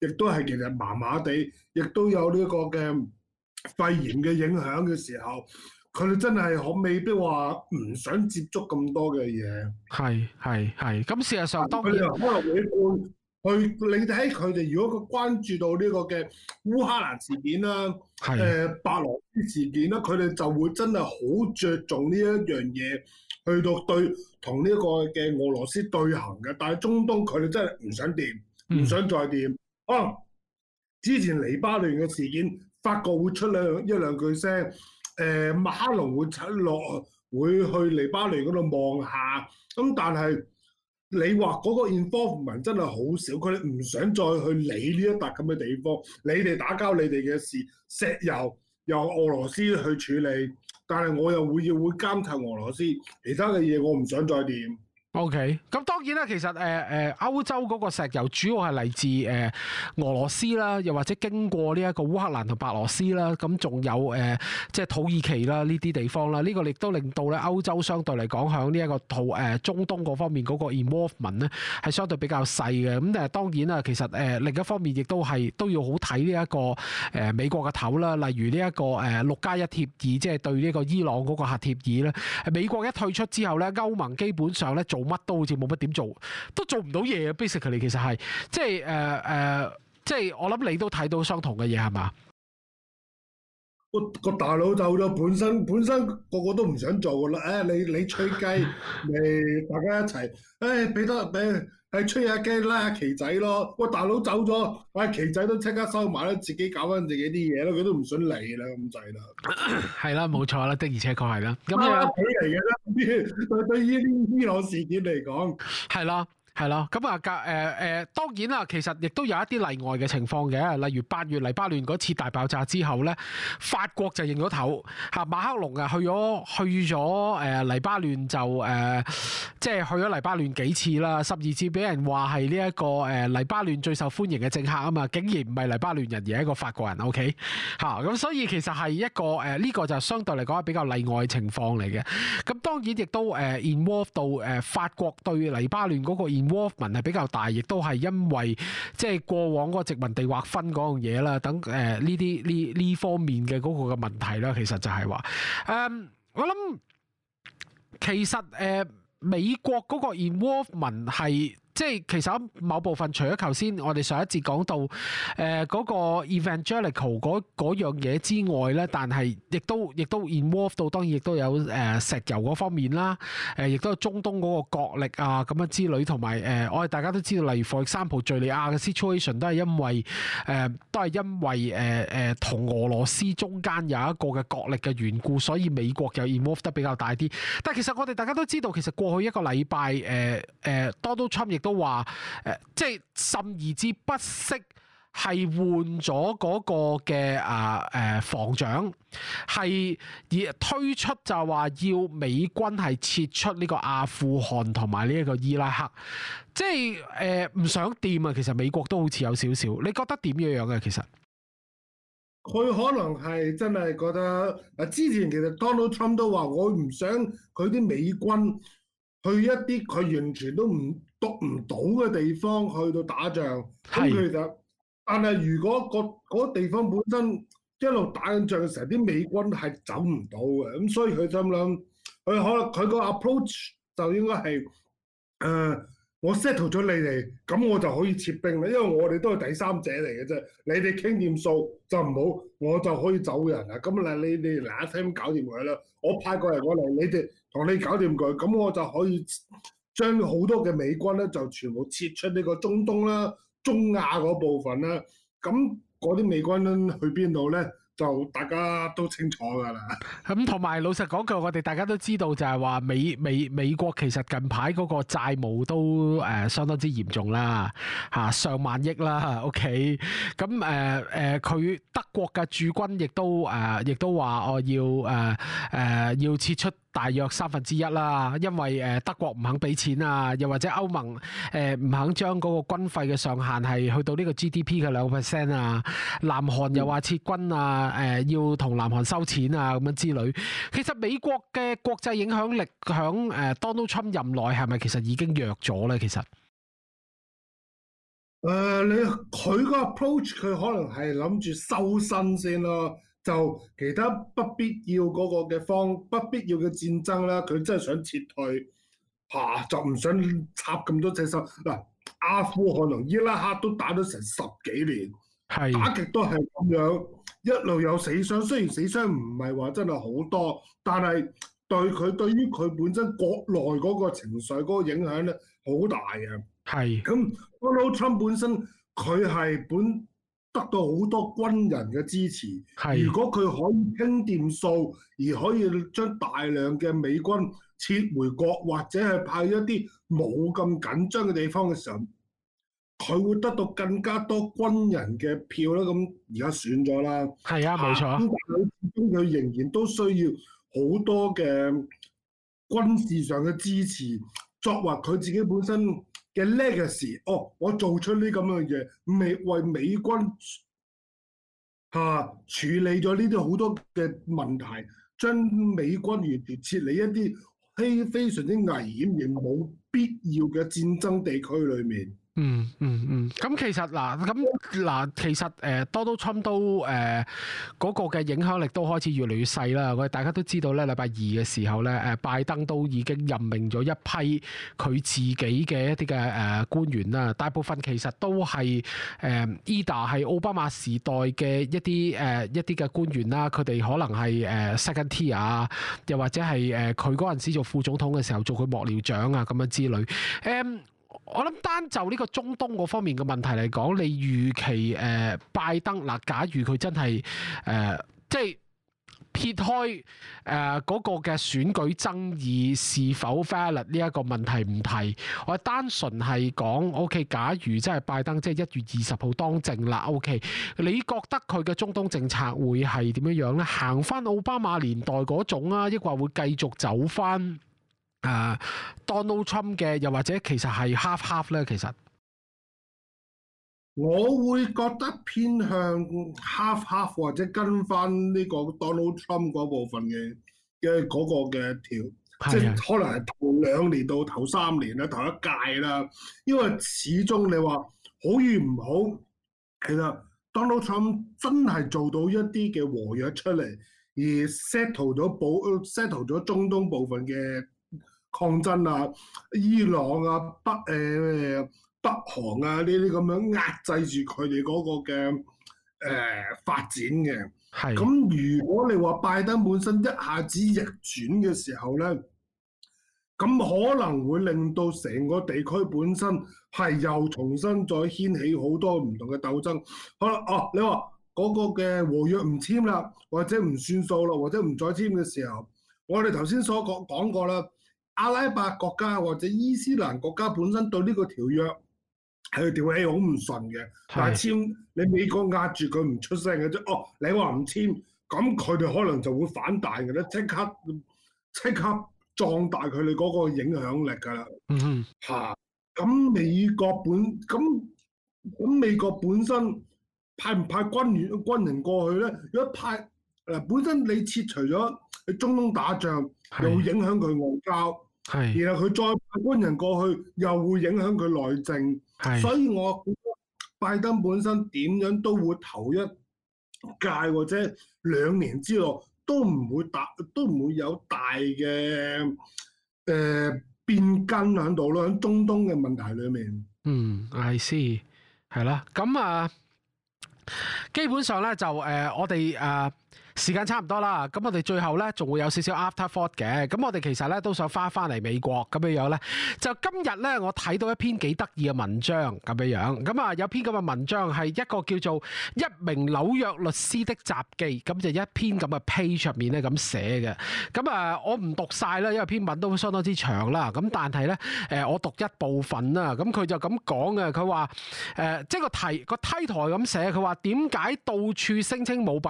S1: 亦都係其實麻麻地，亦都有呢一個嘅肺炎嘅影響嘅時候，佢哋真係可未必話唔想接觸咁多嘅嘢。係係係，咁事實上當佢哋可能會去，你睇佢哋如果佢關注到呢個嘅烏克蘭事件啦，誒是、呃、白羅斯事件啦，佢哋就會真係好着重呢一樣嘢。去到對同呢個嘅俄羅斯對行嘅，但係中東佢哋真係唔想掂，唔想再掂。嗯、啊，之前黎巴嫩嘅事件，法國會出兩一兩句聲，誒、呃，馬克龍會出落會去黎巴嫩嗰度望下。咁但係你話嗰個 involvement 真係好少，佢哋唔想再去理呢一笪咁嘅地方。你哋打交，你哋嘅事，石油由俄羅斯去處理。但係我又會要會監察俄羅斯，其他嘅嘢我唔想再掂。
S2: O.K. 咁當然啦，其實誒誒、呃呃、歐洲嗰個石油主要係嚟自誒、呃、俄羅斯啦，又或者經過呢一個烏克蘭同白羅斯啦，咁仲有誒、呃、即係土耳其啦呢啲地方啦，呢、這個亦都令到咧歐洲相對嚟講響呢一個土誒、呃、中東嗰方面嗰個 involvement 咧係相對比較細嘅。咁但係當然啦，其實誒、呃、另一方面亦都係都要好睇呢一個誒、呃、美國嘅頭啦，例如呢一個誒六加一協議，即係對呢個伊朗嗰個核協議咧。美國一退出之後咧，歐盟基本上咧做。乜都好似冇乜點做，都做唔到嘢。Basically，其實係即係誒誒，即係、呃呃、我諗你都睇到相同嘅嘢係嘛？
S1: 個個大佬就好，本身本身個個都唔想做噶啦，誒、哎、你你吹雞嚟， 大家一齊，誒、哎、俾得咩？係吹下雞啦，阿奇仔咯。我大佬走咗，我奇仔都即刻收埋啦，自己搞翻自己啲嘢咯。佢都唔想理啦，咁滯啦。
S2: 係啦，冇 錯啦，的而且確係啦。咁樣拉起
S1: 嚟嘅啦，對對於呢啲伊朗事件嚟講，係啦。 係咯，咁啊、嗯，格誒，誒，
S2: 當然啦，其實亦都有一啲例外嘅情況嘅，例如八月黎巴嫩嗰次大爆炸之後咧，法國就認咗頭吓馬克龍啊，去咗去咗誒黎巴嫩就誒即係去咗黎巴嫩幾次啦，十二次，俾人話係呢一個誒黎巴嫩最受歡迎嘅政客啊嘛，竟然唔係黎巴嫩人而係一個法國人，OK 嚇、嗯，咁、嗯、所以其實係一個誒呢、呃這個就相對嚟講係比較例外嘅情況嚟嘅，咁、嗯、當然亦都誒 involve 到誒、呃、法國對黎巴嫩嗰個 i w o 波紋係比較大，亦都係因為即係過往嗰個殖民地劃分嗰樣嘢啦，等誒呢啲呢呢方面嘅嗰個嘅問題啦，其實就係話誒，我諗其實誒、呃、美國嗰個 involvement 係。即係其實某部分，除咗頭先我哋上一節講到誒、呃嗰個 evangelical 嗰嗰樣嘢之外咧，但係亦都亦都 involve 到當然亦都有誒、呃、石油方面啦，誒、呃、亦都有中東嗰個國力啊，咁樣之類同埋誒我哋大家都知道，例如 for 在三浦敘利亞嘅 situation 都係因為誒、呃、都係因為誒誒同俄羅斯中間有一個嘅國力嘅緣故，所以美國又 involve 得比較大啲。但係其實我哋大家都知道，其實過去一個禮拜誒誒 Donald Trump 亦都都話誒、呃，即係甚而之不惜係換咗嗰個嘅啊誒防、呃、長，係而推出就話要美軍係撤出呢個阿富汗同埋呢一個伊拉克，即係誒唔想掂啊！其實美國都好似有少少，你覺得點樣樣嘅其實？
S1: 佢可能係真係覺得，嗱之前其實 Donald Trump 都話：我唔想佢啲美軍去一啲佢完全都唔讀唔到嘅地方去到打仗，咁佢就，但係如果個地方本身一路打緊仗時候，成啲美軍係走唔到嘅，咁所以佢心諗，佢可佢個 approach 就應該係，誒、呃，我 settle 咗你哋，咁我就可以撤兵啦，因為我哋都係第三者嚟嘅啫，你哋傾掂數就唔好，我就可以走人啦，咁嗱你哋嗱一聲咁搞掂佢啦，我派個嚟過嚟，你哋同你搞掂佢，咁我就可以。將好多嘅美軍咧就全部撤出呢個中東啦、中亞嗰部分啦，咁嗰啲美軍去邊度咧？就大家都清楚㗎啦。
S2: 咁同埋老實講句，我哋大家都知道就係話美美美國其實近排嗰個債務都誒、呃、相當之嚴重啦，嚇、啊、上萬億啦。OK，咁誒誒佢德國嘅駐軍亦都誒亦、呃、都話我要誒誒、呃呃、要撤出。大約三分之一啦，因為誒德國唔肯俾錢啊，又或者歐盟誒唔肯將嗰個軍費嘅上限係去到呢個 GDP 嘅兩個 percent 啊，南韓又話撤軍啊，誒、呃、要同南韓收錢啊咁樣之類。其實美國嘅國際影響力響誒 Donald Trump 任內係咪其實已經弱咗咧？其實
S1: 誒、呃、你佢個 approach 佢可能係諗住收身先咯。就其他不必要嗰個嘅方不必要嘅戰爭啦，佢真係想撤退吓、啊，就唔想插咁多隻手嗱。阿富汗同伊拉克都打咗成十幾年，係是打極都係咁樣，一路有死傷。雖然死傷唔係話真係好多，但係對佢對於佢本身國內嗰個情緒嗰個影響咧，好大啊。係咁 Donald Trump 本身佢係本。得到好多軍人嘅支持，如果佢可以傾掂數，而可以將大量嘅美軍撤回國，或者係派一啲冇咁緊張嘅地方嘅時候，佢會得到更加多軍人嘅票咧。咁而家選咗啦，係啊，冇錯。咁佢仍然都需要好多嘅軍事上嘅支持，作為佢自己本身嘅 legacy 哦，我做出呢咁嘅嘢，未為美軍吓、啊、處理咗呢啲好多嘅問題，將美軍完全撤離一啲非非常之危險，亦冇必要嘅戰爭地區裏面。嗯
S2: 嗯嗯，咁其實嗱，咁、嗯、嗱、嗯，其實誒 Donald Trump 都誒嗰、呃那個嘅影響力都開始越嚟越細啦。我哋大家都知道咧，禮拜二嘅時候咧，誒、呃、拜登都已經任命咗一批佢自己嘅一啲嘅誒官員啦。大部分其實都係誒 either 係奧巴馬時代嘅一啲誒、呃、一啲嘅官員啦。佢哋可能係誒 Second Tier 啊，又或者係誒佢嗰陣時做副總統嘅時候做佢幕僚長啊咁樣之類誒。呃我諗單就呢個中東嗰方面嘅問題嚟講，你預期誒拜登嗱，假如佢真係誒即係撇開誒嗰、呃那個嘅選舉爭議是否 valid 呢一個問題唔提，我單純係講 O K，假如真係拜登即係一月二十號當政啦，O K，你覺得佢嘅中東政策會係點樣樣咧？行翻奧巴馬年代嗰種啊，抑或會繼續走翻？誒、uh,Donald Trump 嘅，又或者其實係 half half 咧，其實
S1: 我會覺得偏向 half half 或者跟翻呢個 Donald Trump 嗰部分嘅嘅嗰個嘅條，的即係可能係頭兩年到頭三年啦，頭一屆啦，因為始終你話好與唔好，其實 Donald Trump 真係做到一啲嘅和約出嚟，而 settle 咗保 settle 咗中東部分嘅。抗爭啊、伊朗啊、北誒、呃、北韓啊，呢啲咁樣壓制住佢哋嗰個嘅誒、呃、發展嘅。係咁的，如果你話拜登本身一下子逆轉嘅時候咧，咁可能會令到成個地區本身係又重新再掀起好多唔同嘅鬥爭。好啦，哦、啊，你話嗰個嘅和約唔簽啦，或者唔算數啦，或者唔再簽嘅時候，我哋頭先所講講過啦。阿拉伯國家或者伊斯蘭國家本身對呢個條約係條氣好唔順嘅，的但係簽你美國壓住佢唔出聲嘅啫。哦，你話唔簽，咁佢哋可能就會反彈嘅咧，即刻即刻壯大佢哋嗰個影響力㗎啦。嚇、嗯哼！咁、啊、美國本咁咁美國本身派唔派軍員軍人過去咧？如果派誒本身你撤除咗喺中東打仗，又會影響佢外交。係，是然後佢再派軍人過去，又會影響佢內政。係是，所以我覺得拜登本身點樣都會頭一屆或者兩年之內都唔會大，都唔會有大嘅誒、呃、變更喺度咯，喺中東嘅問題裏面。嗯
S2: ，I see，係啦，咁啊，基本上咧就誒、呃，我哋啊。呃時間差唔多啦，咁我哋最後咧仲會有少少 afterthought 嘅，咁我哋其實咧都想翻翻嚟美國咁樣樣咧。就今日咧，我睇到一篇幾得意嘅文章咁樣樣，咁啊有篇咁嘅文章係一個叫做《一名紐約律師的雜記》，咁就一篇咁嘅 page 上面咧咁寫嘅。咁啊，我唔讀晒啦，因為篇文都相當之長啦。咁但係咧，誒我讀一部分啦。咁佢就咁講嘅，佢話誒即係個梯個梯台咁寫，佢話點解到處聲稱舞弊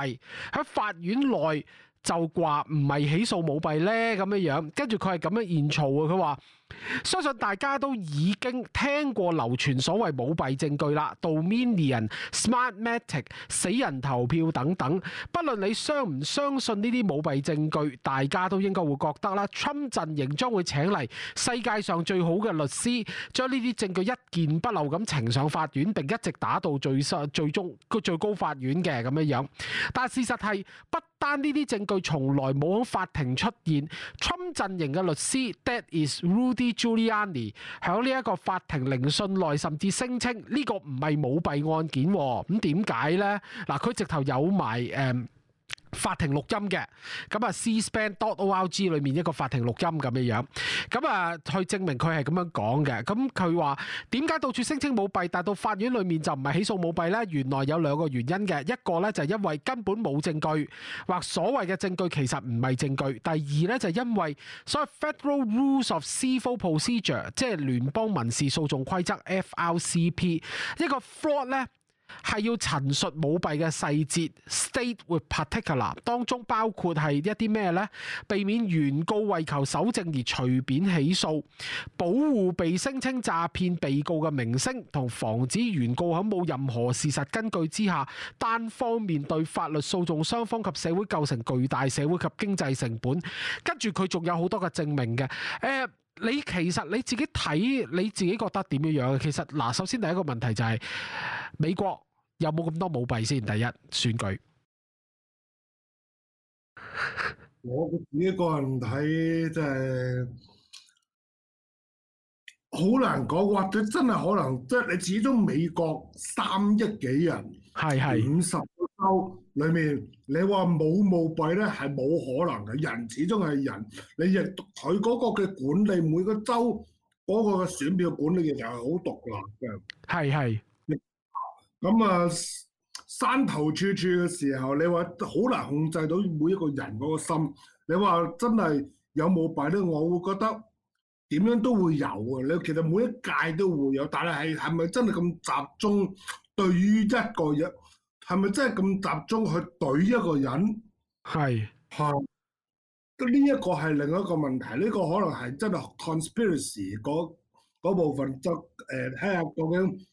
S2: 喺法院內就掛唔係起訴舞弊咧咁樣樣。跟住佢係咁樣現嘈啊！佢話。相信大家都已經聽過流傳所謂舞弊證據啦，Dominion、Smartmatic、死人投票等等。不論你相唔相信呢啲舞弊證據，大家都應該會覺得啦，Trump 陣營將會請嚟世界上最好嘅律師，將呢啲證據一件不漏咁呈上法院，並一直打到最終最，最高法院嘅咁樣樣。但事實係，不單呢啲證據從來冇喺法庭出現，Trump 陣營嘅律師 That is Rudy。啲 Giuliani 喺呢一個法庭聆訊內，甚至聲稱呢個唔係舞弊案件喎、啊。咁點解呢？嗱，佢直頭有埋。誒。法庭錄音嘅，咁啊 cspan.org 裏面一個法庭錄音咁樣樣，咁啊去證明佢係咁樣講嘅。咁佢話點解到處聲稱舞弊，但到法院裏面就唔係起訴舞弊呢？原來有兩個原因嘅，一個呢就係因為根本冇證據，或所謂嘅證據其實唔係證據。第二呢就係因為所謂 Federal Rules of Civil Procedure，即係聯邦民事訴訟規則 FRCP 一個 fraud 咧。係要陳述舞弊嘅細節，state with particular，當中包括係一啲咩呢？避免原告為求守正而隨便起訴，保護被聲稱詐騙被告嘅名聲，同防止原告喺冇任何事實根據之下單方面對法律訴訟雙方及社會構成巨大社會及經濟成本。跟住佢仲有好多嘅證明嘅，呃你其實，你自己睇，你自己覺得點樣樣？其實嗱，首先第一個問題就係、是、
S1: 美國有冇咁多舞弊先？第一選舉。我 我自己個人睇，即係好難講嘅話，佢真係可能即係、就是、你始終美國三億幾人係係五十裏面，你話冇舞弊咧，係冇可能嘅。人始終係人，你亦佢嗰個嘅管理，每個州嗰個嘅選票管理嘅就係好獨立嘅。係係是。咁啊，山頭處處嘅時候，你話好難控制到每一個人嗰個心。你話真係有舞弊咧，我會覺得點樣都會有啊。你其實每一屆都會有，但係係咪真係咁集中？對於一個嘢。係咪真係咁集中去懟一個人？係嚇是，呢一個係另一個問題，呢是個可能係真係 conspiracy 嗰部分，就誒睇下究竟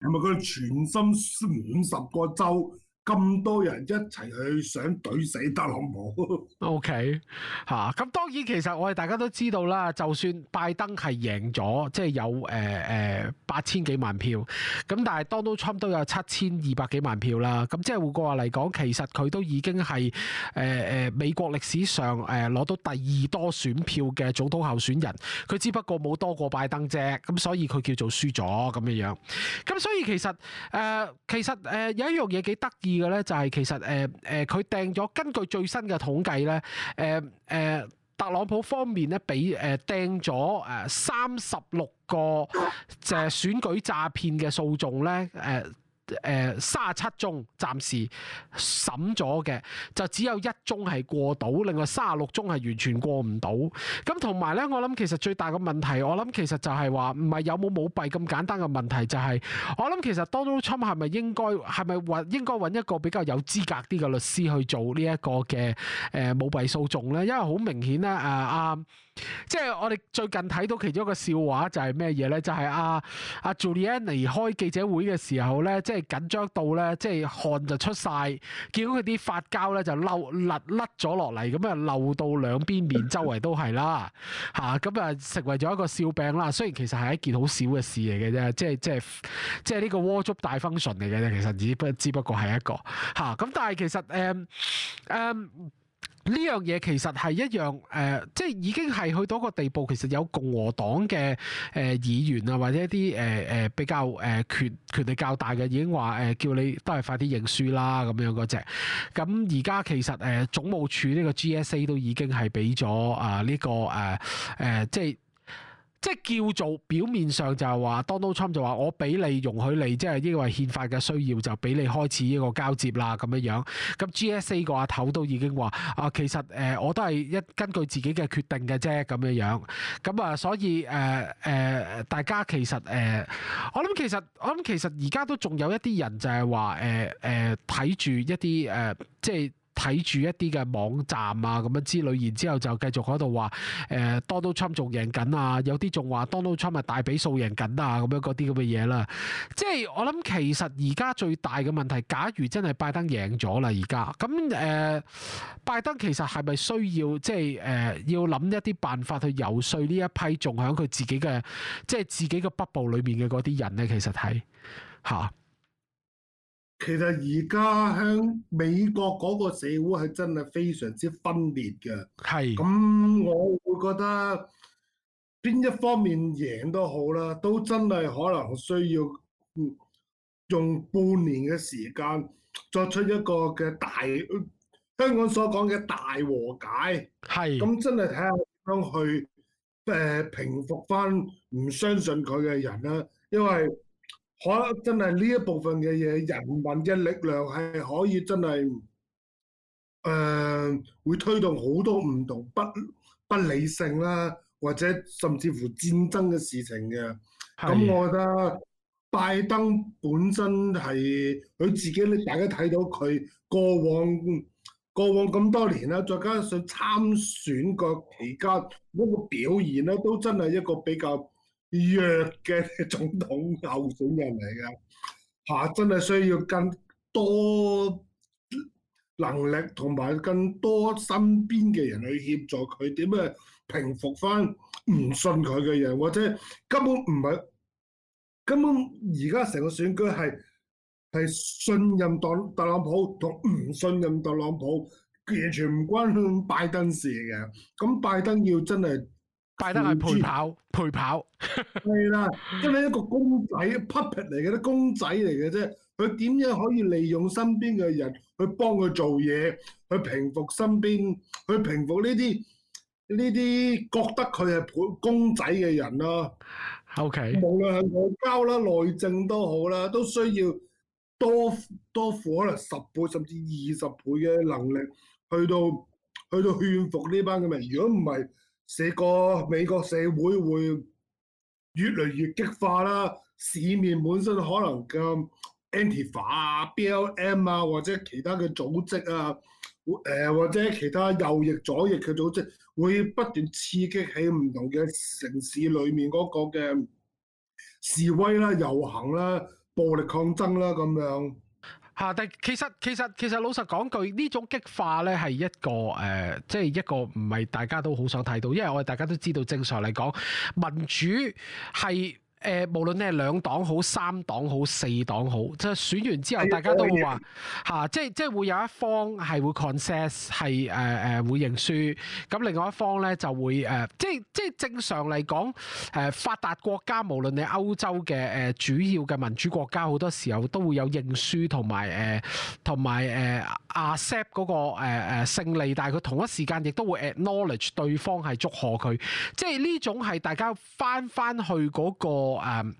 S1: 係咪佢全身五十個州？咁多人一齊去想懟死特朗普。O K，吓，咁當然，其實我哋大家都知道啦。
S2: 就算拜登係贏咗，即、就、係、是、有誒誒、呃、八千幾萬票，咁但係 Donald Trump 都有七千二百幾萬票啦。咁即係換過話嚟講，其實佢都已經係誒誒美國歷史上誒攞到第二多選票嘅總統候選人。佢只不過冇多過拜登啫。咁所以佢叫做輸咗咁樣樣。咁所以其實誒、呃、其實誒、呃、有一樣嘢幾得意。二個咧，就係其實誒誒佢掟咗，根據最新嘅統計咧，誒誒特朗普方面咧，俾誒掟咗誒三十六個誒、呃、選舉詐騙嘅訴訟咧誒。呃誒三十七宗暫時審咗嘅，就只有一宗係過到，另外三十六宗係完全過唔到。咁同埋咧，我諗其實最大嘅問題，我諗其實就係話唔係有冇舞弊咁簡單嘅問題，就係，就係我諗其實 Donald Trump 係咪應該係咪搵應該搵一個比較有資格啲嘅律師去做呢一個嘅誒、呃、舞弊訴訟咧？因為好明顯咧，呃，啊即係我哋最近睇到其中一個笑話就係咩嘢咧？就係、是、阿、啊、阿 Julianne、啊、開記者會嘅時候咧，即係緊張到咧，即係汗就出晒，結果佢啲髮膠咧就漏甩甩咗落嚟，咁啊漏到兩邊面周圍都係啦，吓咁 啊成、嗯、為咗一個笑柄啦。雖然其實係一件好小嘅事嚟嘅啫，即係即係即係呢個 Wardrobe 大風船嚟嘅啫。其實只不只不過係一個吓咁、啊，但係其實誒誒。嗯嗯嗯呢樣嘢其實係一樣誒、呃，即係已經係去到一個地步，其實有共和黨嘅誒議員啊，或者一啲誒誒比較誒權、呃、權力較大嘅已經話誒、呃、叫你都係快啲認輸啦咁樣嗰隻。咁而家其實誒、呃、總務處呢個 GSA 都已經係俾咗啊呢個誒誒、呃、即係。即係叫做表面上就係話，Donald Trump 就話我俾你容許你，即係呢個係憲法嘅需要，就俾你開始呢個交接啦咁樣樣。咁 GSA 個阿頭都已經話啊，其實誒、呃、我都係一根據自己嘅決定嘅啫咁樣樣。咁啊，所以誒誒、呃呃、大家其實誒、呃，我諗其實我諗其實而家都仲有一啲人就係話誒誒睇住一啲誒、呃、即係。睇住一啲嘅網站啊，咁樣之類，然之後就繼續喺度話誒 Donald Trump 仲贏緊啊，有啲仲話 Donald Trump 係大比數贏緊啊，咁樣嗰啲咁嘅嘢啦。即係我諗其實而家最大嘅問題，假如真係拜登贏咗啦，而家咁誒，拜登其實係咪需要即係誒要諗一啲辦法去游說呢一批仲喺佢自己嘅即係自己嘅北部裏面嘅嗰啲人咧？其實係嚇。
S1: 其實而家喺美國嗰個社會係真係非常之分裂嘅。係的。咁我會覺得邊一方面贏都好啦，都真係可能需要用半年嘅時間作出一個嘅大香港所講嘅大和解。係的。咁真係睇下點樣去誒、呃、平復翻唔相信佢嘅人啦，因為。可能真係呢一部分嘅嘢，人民嘅力量係可以真係誒、呃，會推動好多唔同不不理性啦、啊，或者甚至乎戰爭嘅事情嘅。咁、嗯、我覺得拜登本身係佢自己，你大家睇到佢過往過往咁多年啦，再加上參選個期間嗰、那個表現咧，都真係一個比較弱嘅總統候選人嚟㗎，吓真係需要更多能力同埋更多身邊嘅人去協助佢，點樣平復翻唔信佢嘅人，或者根本唔係根本而家成個選舉係係信任特特朗普同唔信任特朗普，完全唔關拜登事嘅。咁拜登要真係。拜登係陪跑，陪跑，係啦，真係一個公仔，puppet 嚟嘅，啲公仔嚟嘅啫。佢點樣可以利用身邊嘅人去幫佢做嘢，去平復身邊，去平復呢啲呢啲覺得佢係陪公仔嘅人啦。O K，無論係外交啦、內政都好啦，都需要多多付可能十倍甚至二十倍嘅能力，去到去到勸服呢班咁嘅人。如果唔係，四個美國社會會越嚟越激化啦，市面本身可能嘅 Antifa 啊、BLM 啊或者其他嘅組織啊，誒或者其他右翼左翼嘅組織會不斷刺激喺唔同嘅城市裏面嗰個嘅示威啦、遊行啦、暴力抗爭啦咁樣。
S2: 嚇！但其實其實其實老實講句，呢種激化咧係一個誒，即係一個唔係大家都好想睇到，因為我哋大家都知道正常嚟講，民主係。誒、呃，無論你係兩黨好、三黨好、四黨好，即係選完之後，大家都會話嚇，即係即係會有一方係會 concess，係誒誒、呃、會認輸，咁另外一方咧就會誒、呃，即係即係正常嚟講，誒、呃、發達國家，無論你歐洲嘅誒、呃、主要嘅民主國家，好多時候都會有認輸同埋誒同埋誒 accept 嗰個誒誒、呃、勝利，但係佢同一時間亦都會 acknowledge 對方係祝賀佢，即係呢種係大家返返去嗰、那個。個、嗯、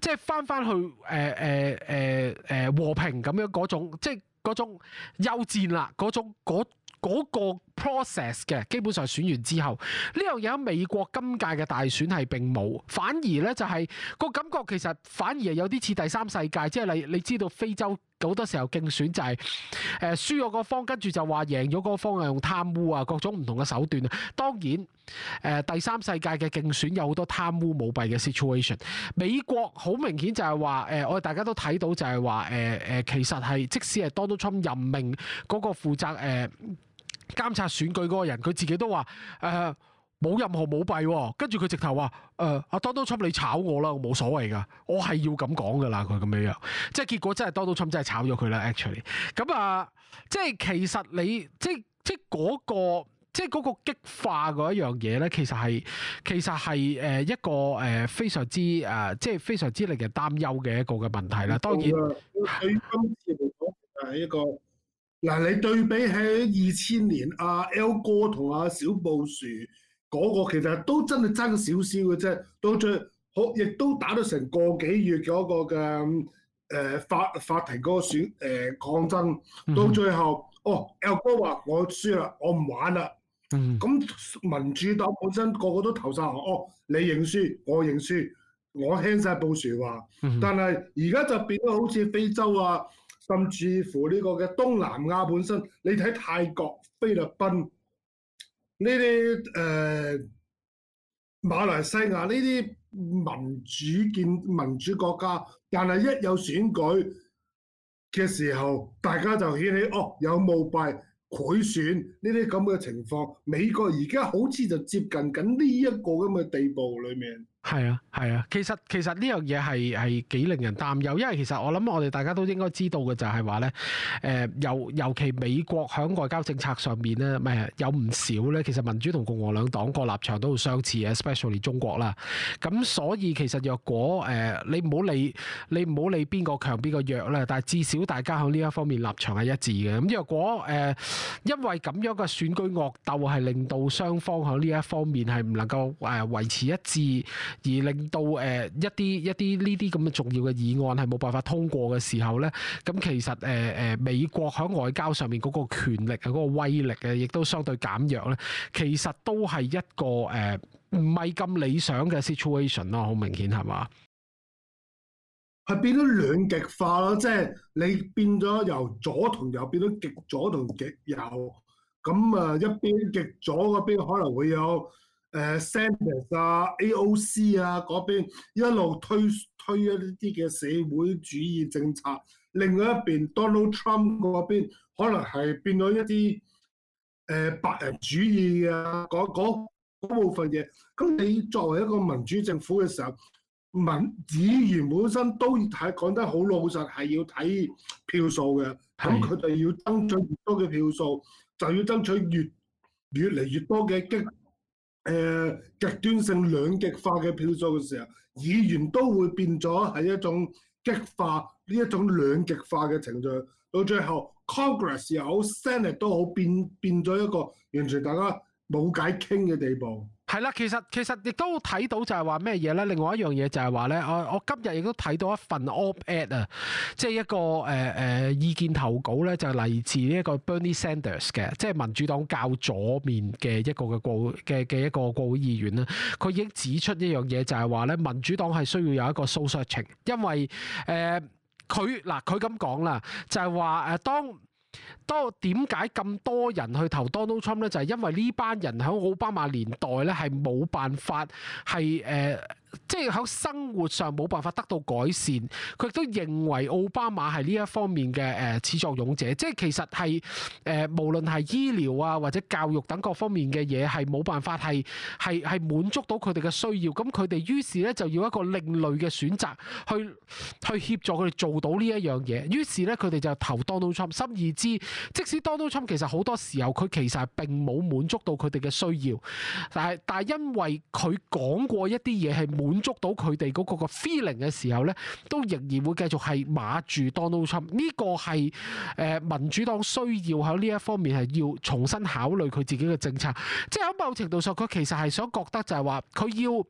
S2: 即係返返去誒誒誒誒和平咁樣嗰種，即係嗰種休戰啦，嗰種嗰、嗰個。process 嘅基本上選完之後，呢樣嘢喺美國今屆嘅大選係並冇，反而呢、就係，就、那、係個感覺其實反而係有啲似第三世界，即係你你知道非洲好多時候競選就係、係、誒、呃、輸咗個方，跟住就話贏咗嗰個方係用貪污啊各種唔同嘅手段啊。當然誒、呃、第三世界嘅競選有好多貪污舞弊嘅 situation，美國好明顯就係話誒我哋大家都睇到就係話誒誒其實係即使係 Donald Trump 任命嗰個負責、呃監察選舉嗰個人，佢自己都話誒冇任何舞弊、哦，跟住佢直頭話誒，阿、呃、Donald Trump 你炒我啦，我冇所謂噶，我係要咁講噶啦，佢咁樣樣，即係結果真係 Donald Trump 真係炒咗佢啦，actually。咁、嗯、啊，即係其實你即即嗰、那個即嗰個激化嗰一樣嘢咧，其實係其實係誒一個誒非常之誒、呃、即係非常之令人擔憂嘅一個嘅問
S1: 題啦。當然，佢今次嚟講係一個。嗱，你對比喺二千年阿 L 哥同阿小布殊嗰個，其實都真係爭少少嘅啫。到最後，亦都打到成個幾月嘅一個嘅呃法法庭嗰個選、呃、抗爭，到最後、mm hmm. 哦，L 哥話我輸啦，我唔玩啦。咁、mm hmm. 民主黨本身個個都投晒我，哦，你認輸，我認輸，我聽晒布殊話。Mm hmm. 但係而家就變咗好似非洲啊～甚至乎呢個嘅東南亞本身，你睇泰國、菲律賓呢啲，誒、馬來西亞呢啲民主建民主國家，但係一有選舉嘅時候，大家就起起哦，有舞弊。改選呢啲咁嘅情況，美國而家好似就接近緊呢一個咁嘅地步裏面。
S2: 係啊，係啊，其實其實呢樣嘢係係幾令人擔憂，因為其實我諗我哋大家都應該知道嘅就係話咧，誒、呃、尤尤其美國喺外交政策上面咧，唔係有唔少咧，其實民主同共和兩黨個立場都好相似嘅，especially 中國啦。咁所以其實若果誒、呃、你唔好理你唔好理邊個強邊個弱啦，但係至少大家喺呢一方面立場係一致嘅。咁若果誒，呃因為咁樣嘅選舉惡鬥係令到雙方喺呢一方面係唔能夠誒維持一致，而令到誒、呃、一啲一啲呢啲咁嘅重要嘅議案係冇辦法通過嘅時候咧，咁其實誒誒、呃呃、美國喺外交上面嗰個權力啊嗰、嗰個威力嘅，亦都相對減弱咧。其實都係一個誒唔係咁理想嘅 situation 咯，好明顯係嘛？
S1: 係變咗兩極化咯，即係你變咗由左同右變咗極左同極右，咁啊一邊極左嗰邊可能會有誒、呃、Sanders 啊、AOC 啊嗰邊一路推推一啲嘅社會主義政策，另外一邊 Donald Trump 嗰邊可能係變咗一啲誒白人主義啊嗰部分嘢。咁你作為一個民主政府嘅時候，文議員本身都睇講得好老實，係要睇票數嘅。咁佢哋要爭取越多嘅票數，就要爭取越越嚟越多嘅激誒、呃、極端性兩極化嘅票數嘅時候，議員都會變咗係一種激化呢一種兩極化嘅程序。到最後 Congress 又好，Senate 都好，變變咗一個完全大家冇偈傾嘅地步。
S2: 係啦，其實其實亦都睇到就係話咩嘢咧？另外一樣嘢就係話咧，我我今日亦都睇到一份 op-ed 啊，即係一個誒誒、呃、意見投稿咧，就係、是、來自呢一個 Bernie Sanders 嘅，即係民主黨較左面嘅一個嘅國嘅嘅一個國會議員啦。佢、啊、已經指出一樣嘢就係話咧，民主黨係需要有一個 soul searching，因為誒佢嗱佢咁講啦，就係話誒當。多點解咁多人去投 Donald Trump 咧？就係因為呢班人喺奧巴馬年代咧，係冇辦法係誒。即係喺生活上冇辦法得到改善，佢亦都認為奧巴馬係呢一方面嘅誒始作俑者。即係其實係誒、呃、無論係醫療啊或者教育等各方面嘅嘢係冇辦法係係係滿足到佢哋嘅需要。咁佢哋於是咧就要一個另類嘅選擇去去協助佢哋做到呢一樣嘢。於是咧佢哋就投 Donald Trump，心意知即使 Donald Trump 其實好多時候佢其實係並冇滿足到佢哋嘅需要，但係但係因為佢講過一啲嘢係滿足到佢哋嗰個個 feeling 嘅時候呢，都仍然會繼續係馬住 Donald Trump。呢個係誒民主黨需要喺呢一方面係要重新考慮佢自己嘅政策。即喺某程度上，佢其實係想覺得就係話佢要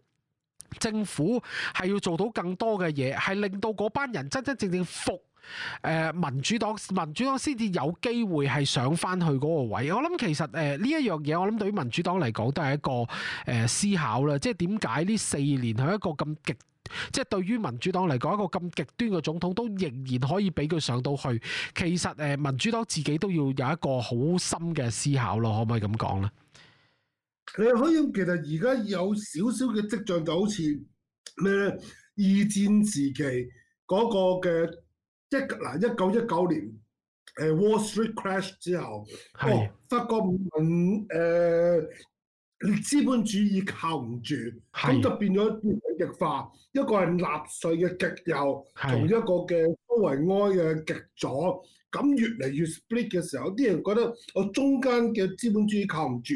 S2: 政府係要做到更多嘅嘢，係令到嗰班人真真正正正服。呃、民主黨，民主黨先至有機會係上翻去嗰個位。我諗其實誒呢，呃、一樣嘢，我諗對於民主黨嚟講都係一個誒，呃、思考啦。即係點解呢四年喺一個咁極，即係對於民主黨嚟講一個咁極端嘅總統都仍然可以俾佢上到去？其實誒，呃，民主黨自己都要有一個好深嘅思考咯。可唔可以咁講呢？
S1: 你可以，其實而家有少少嘅跡象，就好似咩呢？二戰時期嗰個嘅。即嗱，一九一九年，誒、uh,，Wall Street Crash 之後，係是、哦，發覺誒，你、嗯、資、呃、本主義靠唔住，係是，咁就變咗越嚟極化，一個係納粹嘅極右，同是一個嘅蘇維埃嘅極左，咁越嚟越 split 嘅時候，啲人覺得我中間嘅資本主義靠唔住，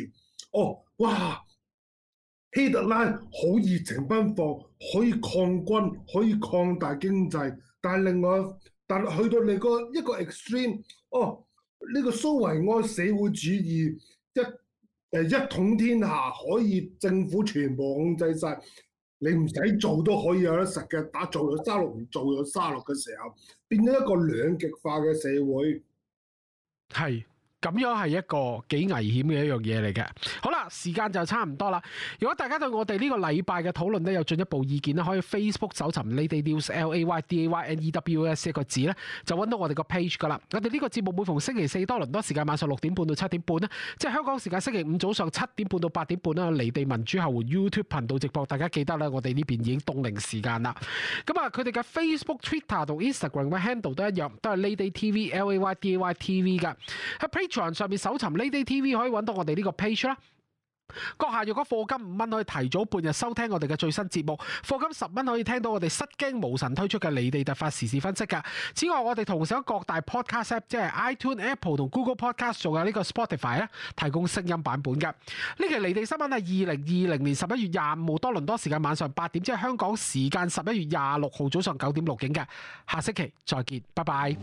S1: 哦，哇，希特拉好熱情奔放，可以抗軍，可以擴大經濟，但係另外。但去到你個一個 extreme，哦，呢個蘇維埃社會主義一誒一統天下，可以政府全部控制晒，你唔使做都可以有得食嘅，打做咗沙律，唔做咗沙律嘅時候，變咗一個兩極化嘅社會，係。咁樣係
S2: 一個幾危險嘅一樣嘢嚟嘅。好啦，時間就差唔多啦。如果大家對我哋呢個禮拜嘅討論咧有進一步意見咧，可以 Facebook 搜尋 Lady News L A Y D A Y N E W S 一個字呢，就揾到我哋個 page 噶啦。我哋呢個節目每逢星期四多倫多時間晚上六點半到七點半啦，即係香港時間星期五早上七點半到八點半啦。離地民主後援 YouTube 頻道直播，大家記得啦，我哋呢邊已經冬令時間啦。咁啊，佢哋嘅 Facebook、Twitter 同 Instagram 嘅 handle 都一樣，都係 Lady TV L A Y D A Y TV 噶。網上面搜尋離地 TV 可以揾到我哋呢個 page 啦。閣下若果課金五蚊，可以提早半日收聽我哋嘅最新節目；課金十蚊，可以聽到我哋失驚無神推出嘅離地突發時事分析嘅。此外，我哋同時喺各大 podcast app，即係 iTune、Apple 同 Google Podcast，仲有呢個 Spotify 啊，提供聲音版本嘅。呢期離地新聞係二零二零年十一月廿五號多倫多時間晚上八點，即係香港時間十一月廿六號早上九點錄影嘅。下星期再見，拜拜。